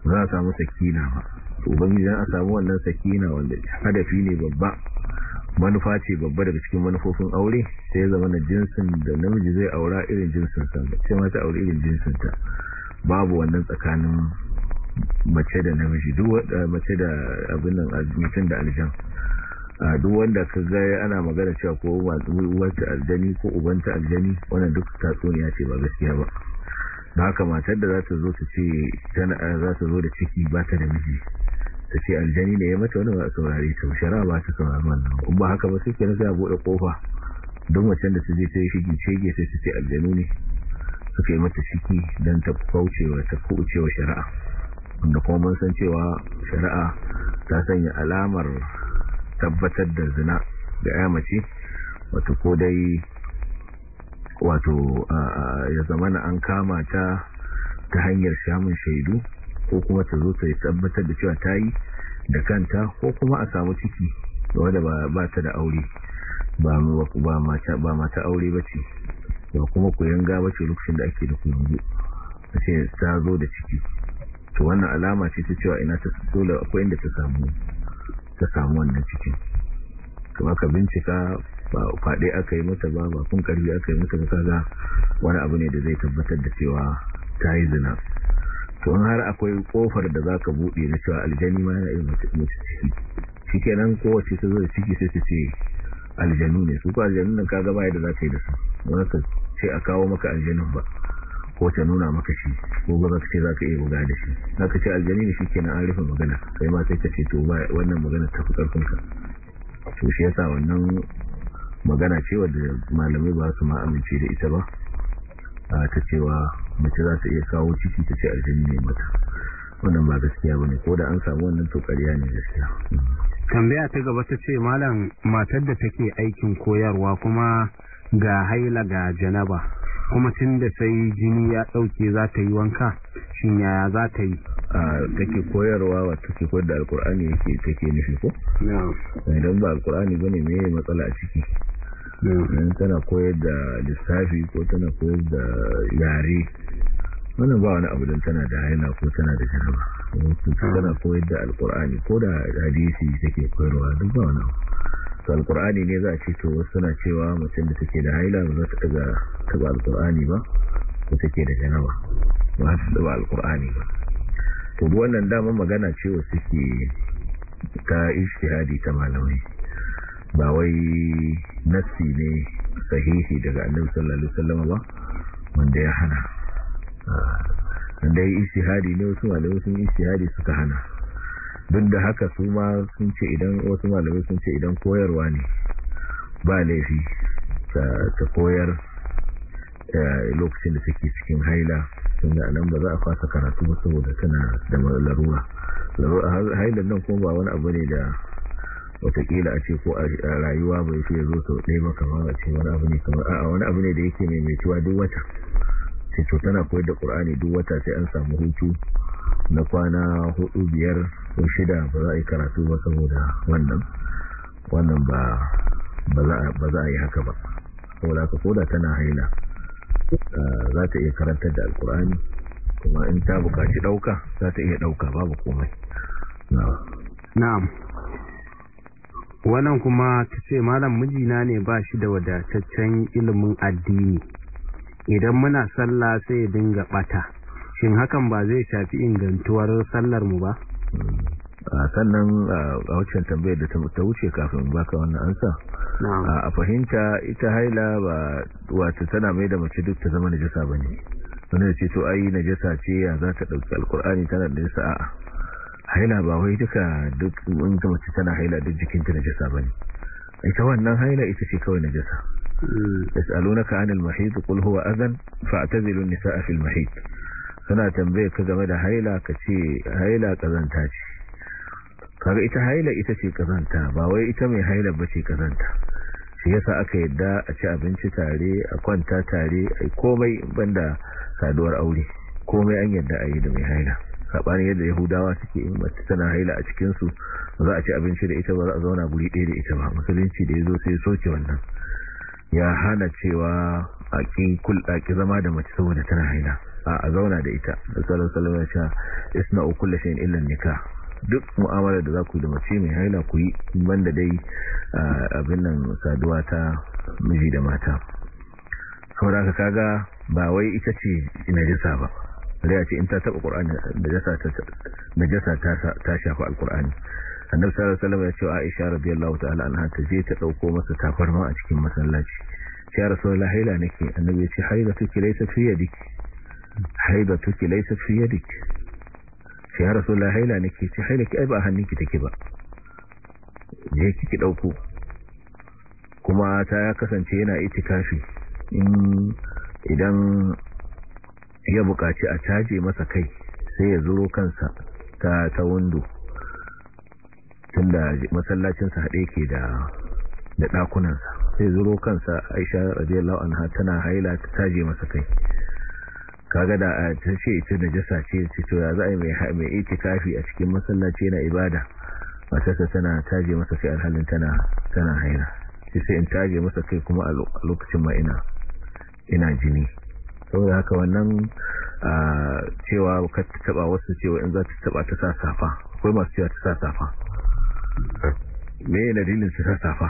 za a samu sakina ba ubangiji za a samu wannan sakina wanda hadafi ne babba manufa ce babba daga cikin manufofin aure sai zama na jinsin da namiji zai aura irin jinsin sa sai mata aure irin jinsin ta babu wannan tsakanin mace da namiji duk eh, mace da abin nan mutum da aljan a duk wanda ka ga ana magana cewa ko wata aljani ko ubanta aljani wannan duk tatsuniya ce ba gaskiya ba da haka matar da za ta zo ta ce eh, za ta zo da ciki ba ta da miji ta ce aljani ne ya mata wani ba a saurari ta shara ba ta saurari wannan in ba haka ba suke na sai buɗe kofa don macen da ta je ta yi shigi cege sai ta ce aljanu ne suka yi mata ciki don ta kaucewa ta kaucewa shari'a wanda kuma mun san cewa shari'a ta sanya alamar tabbatar da zina ga ya mace wato ko dai wato ya na an kama ta ta hanyar samun shaidu ko kuma ta zo ta yi tabbatar da cewa ta yi da kanta ko kuma a samu ciki wadda ba ta da aure ba mata aure ba ce ba kuma yanga ba ce lokacin da ake da kuyangu a ce ta zo da ciki to wannan alama ce ta cewa ina ta dole akwai inda ta samu wannan cikin kuma ka bincika ba faɗe aka yi mata ba ba kun karfi aka yi mata ba kaga wani abu ne da zai tabbatar da cewa ta yi zina to har akwai kofar da za ka buɗe na cewa aljani ma yana irin mace ciki shi nan kowace ta zo da ciki sai ta ce aljanu ne su ko aljanu nan kaga baya da za ka yi da su wani ka ce a kawo maka aljanun ba ko ta nuna maka shi ko ba za ka ce za ka iya buga da shi za ka ce aljani ne shi kenan an rufe magana kai ma sai ka ce to wannan magana ta fi ƙarfinka to shi yasa wannan magana cewa da malamai ba su ma amince da ita ba ta cewa mace za ta iya kawo ciki ta ce aljini ne mata wannan ba gaskiya ne ko da an samu wannan to ne gaskiya tambaya ta gaba ta ce malam matar da take aikin koyarwa kuma ga haila ga janaba kuma tun da sai jini ya ɗauke za ta yi wanka shi yaya za ta yi take koyarwa wata ke koyar da alkur'ani yake take nufi ko? idan ba alkur'ani ba ne mai matsala a ciki idan tana koyar da lissafi ko tana koyar da yare wannan ba wani abu don tana da haina ko tana da jaraba tana koyar da alkur'ani ko da hadisi take koyarwa duk ba wani abu wasu alkur'ani ne za a ce to wasu suna cewa macen da take da haila ba za ta daga taba alkur'ani ba ko take da janaba ba za ta taba alkur'ani ba to duk wannan dama magana ce wasu ke ta ishtihadi ta malamai ba wai nassi ne sahihi daga annabi sallallahu alaihi wasallam ba wanda ya hana ah, wanda ya ishtihadi ne wasu malamai sun ishtihadi suka hana duk da haka su ma sun ce idan wasu malamai sun ce idan koyarwa ne ba laifi ta koyar lokacin da suke cikin haila sun da nan ba za a fasa karatu ba saboda tana da larura hailar nan kuma ba wani abu ne da watakila a ce ko a rayuwa bai fiye zo sau ɗaya ba kamar a ce wani abu ne kamar a wani abu ne da yake maimaituwa duk wata ce tana koyar da ƙur'ani duk wata sai an samu hutu na kwana hudu biyar ko shida ba za a yi karatu ba saboda wannan wannan ba ba za a yi haka ba saboda haka koda tana haila eh, za ta iya karantar da alkur'ani kuma in ta bukaci dauka za ta iya dauka babu komai na'am wannan kuma ta ce malam mijina ne ba shi da wadataccen ilimin addini idan muna sallah sai dinga bata shin hakan ba zai shafi ingantuwar sallar mu ba Mm. Ah, sannan ah, a waccan tambayar da ta wuce kafin baka wannan ansa ah, a fahimta ita haila ba wata tana mai da mace duk ta zama na jasa ba ne wani da ce to ayi jasa ce ya za ta ɗauki alkur'ani tana da nisa a'a haila ba wai duka duk in ta mace tana haila duk jikinta jasa ba ne ita wannan haila ita ce kawai najasa mm. yas'alunaka 'anil mahid qul huwa adhan fa'tazilu an-nisaa fil mahid tana tambaye ka game da haila ka ce haila kazanta ce kaga ita haila ita ce kazanta ba wai ita mai haila ba ce kazanta shi yasa aka yadda a ci abinci tare a kwanta tare a komai banda saduwar aure komai an yadda a yi da mai haila saɓanin yadda yahudawa suke in tana haila a cikinsu za a ci abinci da ita ba za a zauna guri ɗaya da ita ba musulunci da ya zo sai soke wannan ya hana cewa a ƙi zama da mace saboda tana haila a zauna da ita sallallahu alaihi wasallam isna'u kullu shay'in illa nikah duk mu'amalar da za ku yi da mace mai haila ku yi banda dai abin nan saduwa ta miji da mata saboda ka kaga ba wai ita ce najasa ba da ce in ta taba qur'ani najasa ta ta shafa alqur'ani annabi sallallahu alaihi wasallam ya ce Aisha radiyallahu ta'ala anha ta je ta dauko masa tafarma a cikin masallaci ya rasulullahi haila nake annabi ya ce haila take laysa fiye diki. haiba tuki laisa fi yadik sai ya rasulullah haila nake ce haila ki ai ba hannunki take ba je kiki dauko kuma ta ya kasance yana itikafi in idan ya bukaci a caje masa kai sai ya zuro kansa ta ta windo tunda masallacinsa haɗe ke da ɗakunansa sai zuro kansa aisha radiyallahu anha tana haila ta caje masa kai kaga da eh, ta ce ita najasa ce ce to ya zai yi mai ita kafi a cikin masallaci na ibada ta tana taje masa kai alhalin tana tana haina sai sai in taje masa kai kuma a lokacin ma ina ina jini saboda haka wannan cewa ka taba wasu cewa in za ta taba ta sa safa akwai masu cewa ta sa safa me yana dalilin su sa safa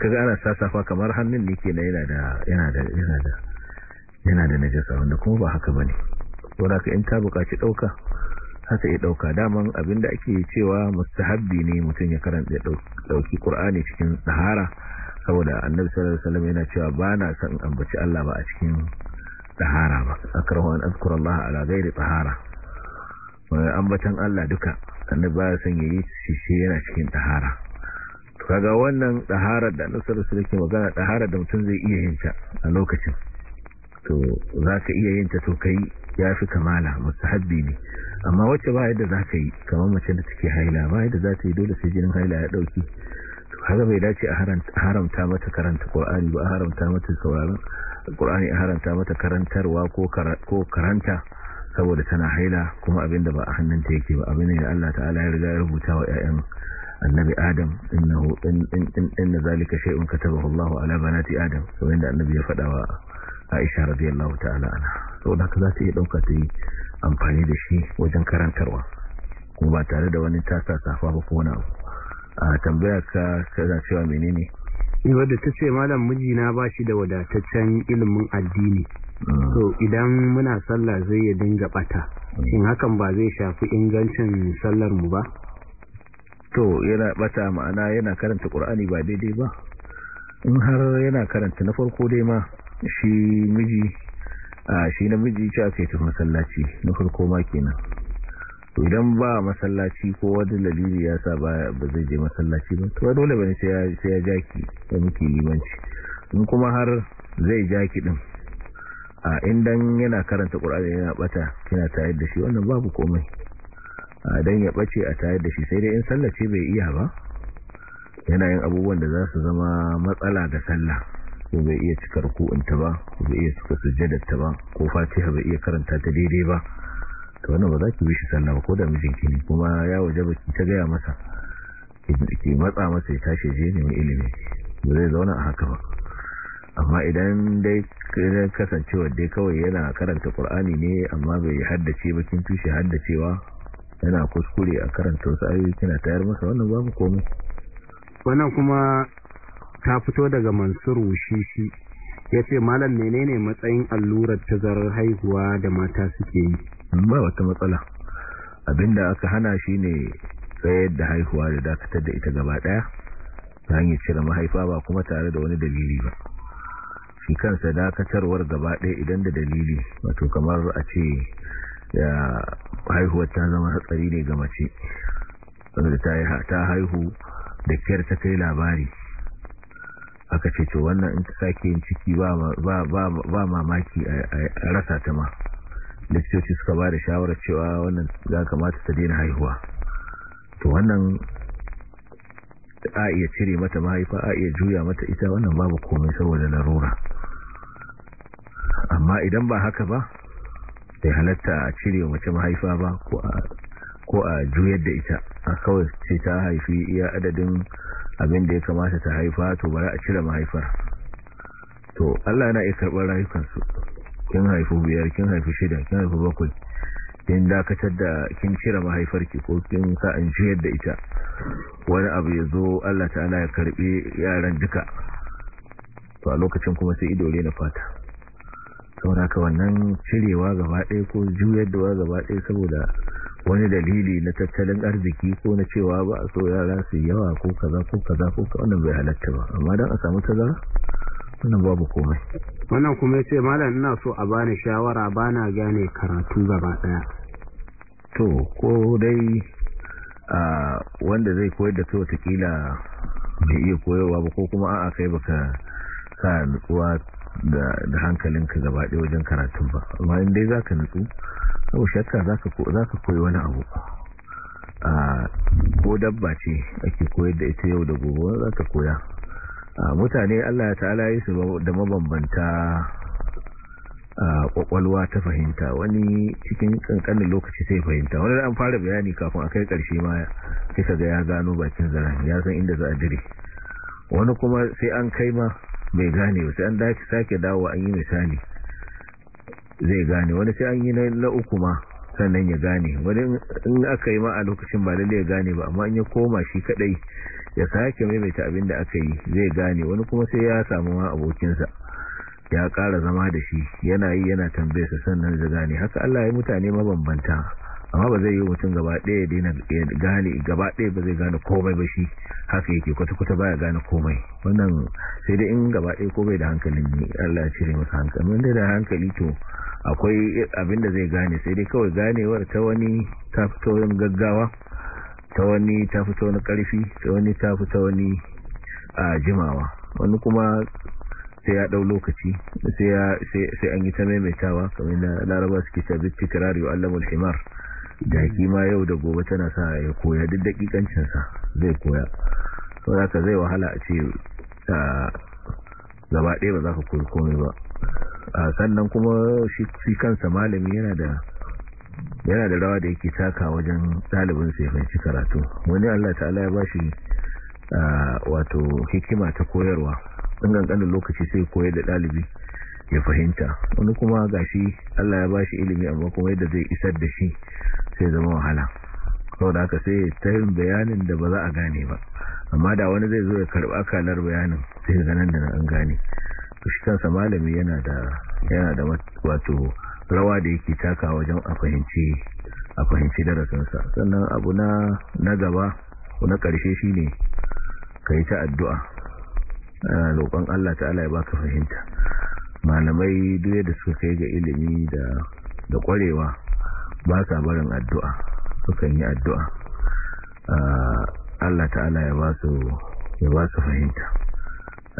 kaga ana sa safa kamar hannun ne ke yana da yana da yana da yana da najasa wanda kuma ba haka bane saboda ka in ta bukaci dauka haka ya dauka daman abinda ake cewa mustahabbi ne mutum ya karanta ya dauki qur'ani cikin ɗahara saboda annabi sallallahu alaihi wasallam yana cewa ba bana san ambaci Allah ba a cikin ɗahara ba akrahu an azkura Allah ala ghairi tahara wanda ambatan Allah duka annabi ba san yayi shi yana cikin tahara kaga wannan daharar da annabi sallallahu alaihi wasallam magana daharar da mutum zai iya yin ta a lokacin to za ka iya yin ta to kai ya fi kamala mustahabbi ne amma wacce ba yadda za ka yi kamar mace da take haila ba yadda za ta yi dole sai jinin haila ya dauki to haka bai dace a haramta mata karanta qur'ani ba a haramta mata sauraron qur'ani a haramta mata karantarwa ko karanta saboda tana haila kuma abinda ba a hannun ta yake ba abin ne Allah ta'ala ya riga ya rubuta wa ƴaƴan annabi adam innahu in in in zalika shay'un katabahu Allahu ala banati adam kamar inda annabi ya faɗa wa aisha radiyallahu ta'ala ana saboda ka za ta iya ɗauka ta yi amfani da shi wajen karantarwa kuma ba tare da wani tasa safa ba ko wani abu a tambaya ka kana cewa menene ni eh, wadda ta ce malam mijina ba shi da wadataccen ilimin addini mm. so idan muna sallah zai ya dinga bata mm. in hakan ba zai shafi ingancin sallar mu ba to yana bata ma'ana yana karanta qur'ani ba daidai ba in har yana karanta na farko dai ma shi miji a shi namiji ce aka yi tafi masallaci na farko ma kenan to idan ba masallaci ko wani dalili ya sa ba zai je masallaci ba to dole bane sai sai ya jaki da muke limanci in kuma har zai jaki din a indan yana karanta qur'ani yana bata kina tayar da shi wannan babu komai a dan ya bace a tayar da shi sai dai in sallace bai iya ba yana yin abubuwan da za su zama matsala ga sallah ko bai iya cikar ruku'unta ba ko bai iya cika sujjadarta ba ko fatiha bai iya karanta ta daidai ba to wannan ba za ki wishi sallah ba ko da mijinki ne kuma ya waje ba ki ta gaya masa ki matsa masa ya tashi je mai ilimi ba zai zauna a haka ba amma idan dai kasancewa dai kawai yana karanta qur'ani ne amma bai haddace ba kin tushe haddacewa yana kuskure a karanta wasu ayoyi kina tayar masa wannan babu komai wannan kuma ta fito daga mansuru shishi ya ce malam menene matsayin allurar tazarar haihuwa da mata suke yi ba wata matsala abinda aka hana shi ne tsayar da haihuwa da dakatar da ita gaba daya ta hanyar cire mahaifa ba kuma tare da wani dalili ba shi kansa dakatarwar gaba daya idan da dalili wato kamar a ce ya haihuwar ta zama hatsari ne ga mace wanda ta haihu da kyar ta kai labari aka ce to wannan in ta sake yin ciki ba mamaki a rasa ta ma likitoci suka ba da shawarar cewa wannan za kamata ta daina haihuwa to wannan a iya cire mata mahaifa a iya juya mata ita wannan babu komai saboda larura amma idan ba haka ba bai halatta a cire mace mahaifa ba ko a juyar da ita a kawai ce ta haifi iya adadin abin da ya kamata ta haifa to bari a cire mahaifar to Allah yana iya karɓar rayukansu kin haifu biyar kin haifu shida kin haifu bakwai kin dakatar da kin cire mahaifarki ko kin sa an jiyar da ita wani abu ya zo Allah ta'ala ya karɓi yaran duka to a lokacin kuma sai ido na fata saboda ka wannan cirewa gaba ɗaya ko juyar da wa gaba ɗaya saboda wani dalili na tattalin arziki ko na cewa ba a so yara su yawa ko kaza ko kaza ko wannan bai halatta ba amma don a samu tazara wannan babu komai wannan kuma ya ce malam ina so a bani shawara bana gane karatu gaba daya to ko dai wanda zai koyar da kai watakila bai iya koyarwa ba ko kuma a'a kai baka sa nutsuwa da hankalinka gaba ɗaya wajen karatun ba amma inda za ka nutsu abu shakka ka koyi wani abu a ko dabba ce ake koyar da ita yau da gobe za ka koya mutane Allah ta'ala yi su da mabambanta kwakwalwa ta fahimta wani cikin kankanin lokaci sai fahimta wani da an fara bayani kafin a kai karshe ma kisa ga ya gano bakin zara ya san inda za a dire wani kuma sai an kai ma bai gane ba an dace sake dawo an yi misali zai gane wani sai an yi na uku ma sannan ya gane wani in aka yi ma a lokacin ba lalle ya gane ba amma an yi koma shi kadai ya sake maimaita abin da aka yi zai gane wani kuma sai ya samu ma abokinsa ya kara zama da shi yana yi yana tambayarsa sannan zai gane haka Allah ya mutane mabambanta amma ba zai yi mutum gaba ɗaya daina gane gaba ɗaya ba zai gane komai ba shi haka yake kwata-kwata baya gane komai wannan sai dai in gaba ɗaya ko da hankalin ne Allah ya cire masa hankali wanda da hankali to akwai abin da zai gane sai dai kawai ganewar ta wani ta fito wani gaggawa ta wani ta fito wani karfi ta wani ta fito wani a jimawa wani kuma sai ya dau lokaci sai an yi ta maimaitawa kamar na laraba suke ta bitti kirari wa allamul himar ki ma yau da gobe tana sa ya koya duk sa zai koya so zaka zai wahala a ce gaba ɗaya ba za ka koyi komai ba a sannan kuma shi kansa malami yana da yana da rawa da yake taka wajen ɗalibin ya fahimci karatu wani allah ta'ala ya ba shi wato hikima ta koyarwa ɗan ƙanƙanin lokaci sai koyar da ɗalibi ya fahimta wani kuma gashi Allah ya bashi ilimi amma kuma yadda zai isar da shi sai zama wahala da haka sai ta yin bayanin da ba za a gane ba amma da wani zai zo ya karɓi akalar bayanin sai ga nan da an gane to shi kansa malami yana da wato rawa da yake taka wajen a fahimci darasinsa sannan abu na gaba ko na ƙarshe shine yi ta addu'a roƙon Allah ta'ala ya baka fahimta malamai duk da suka kai ga ilimi da da kwarewa ba sa barin addu'a sukan yi addu'a Allah ta'ala ya ba su ya ba su fahimta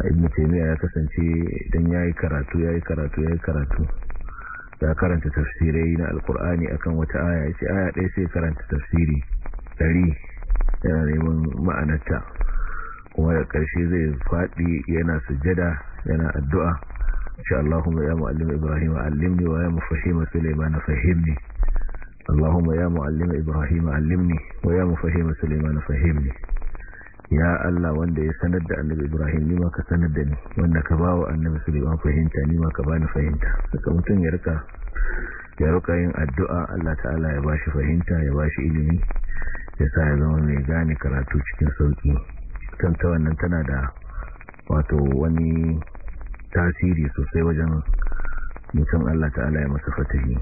ibn taymiya ya kasance idan yayi karatu yayi karatu yayi karatu ya karanta tafsirai na alkur'ani akan wata aya yace aya ɗaya sai karanta tafsiri ɗari yana neman ma'anarta kuma da ƙarshe zai faɗi yana sujjada yana addu'a ce Allahumma ya mu'allima Ibrahim allimni wa ya mufahima Sulaiman fahimni Allahumma ya mu'allima Ibrahim allimni wa ya mufahima Sulaiman fahimni ya Allah wanda ya sanar da annabi Ibrahim ni ma ka sanar da ni wanda ka ba wa annabi Sulaiman fahimta ni ma ka bani fahimta saka mutum ya rika ya rika yin addu'a Allah ta'ala ya bashi fahimta ya bashi ilimi ya sa ya zama mai gane karatu cikin sauki kan wannan tana da wato wani tasiri sosai wajen mutum Allah ta'ala ya masu fatahi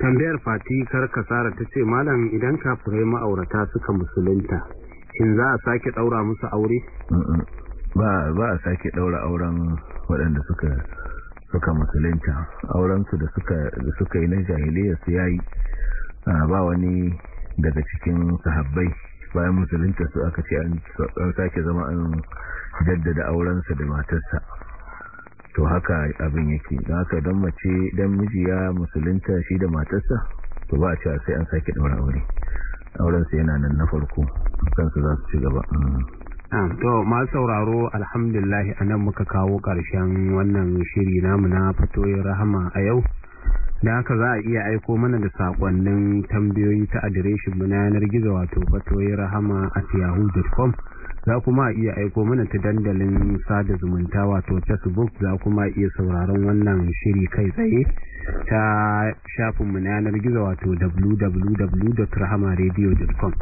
tambayar fati karkasara ta ce malam idan kafirai ma'aurata suka musulunta in za a sake daura musu aure ba a sake daura auren waɗanda suka suka musulunta aurensu da suka yi na jahiliya su yayi ba wani daga cikin sahabbai bayan musulunta su aka ce an sake zama an jaddada aurensa da matarsa to haka abin yake don haka don mace don miji ya musulunta shi da matarsa to ba a cewa sai an sake daura aure aurensa yana nan na farko kansu za su ci gaba mm. to masu sauraro alhamdulillah a nan muka kawo ƙarshen wannan shiri namu na fatoyin rahama a yau da haka za a iya aiko mana da saƙonnin tambayoyi ta adireshin mu yanar gizo wato fatoyin rahama a yahoo.com za kuma iya aiko mana ta dandalin sada zumunta wato facebook za kuma iya sauraron wannan shiri kai tsaye ta shafinmu na yanar gizo wato www.rahamaradio.com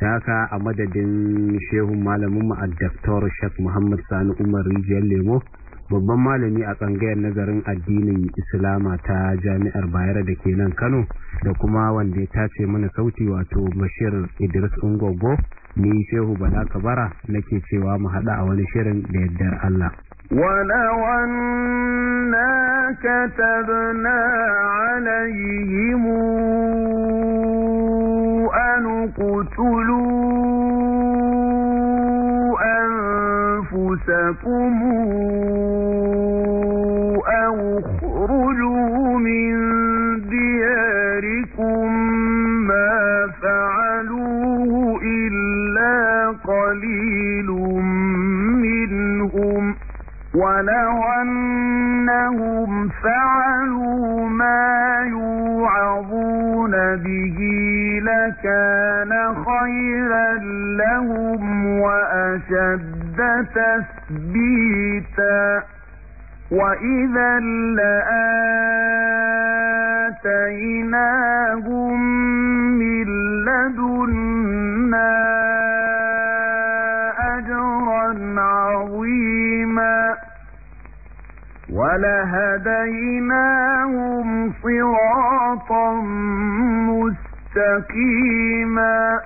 ta haka a madadin shehun malaminmu a daftar shak muhammad sani umar rijiyar lemo babban malami a tsangayar nazarin addinin islama ta jami'ar bayar da ke nan kano da kuma wanda ya tace mana sauti wato bashir idris ungogo ni shehu bala kabara nake cewa mu hada a wani shirin da yaddar Allah ولو أنا كتبنا عليهم أن اقتلوا أنفسكم ولو أنهم فعلوا ما يوعظون به لكان خيرا لهم وأشد تثبيتا وإذا لآتيناهم من لدنا أجرا عظيما ولهديناهم صراطا مستقيما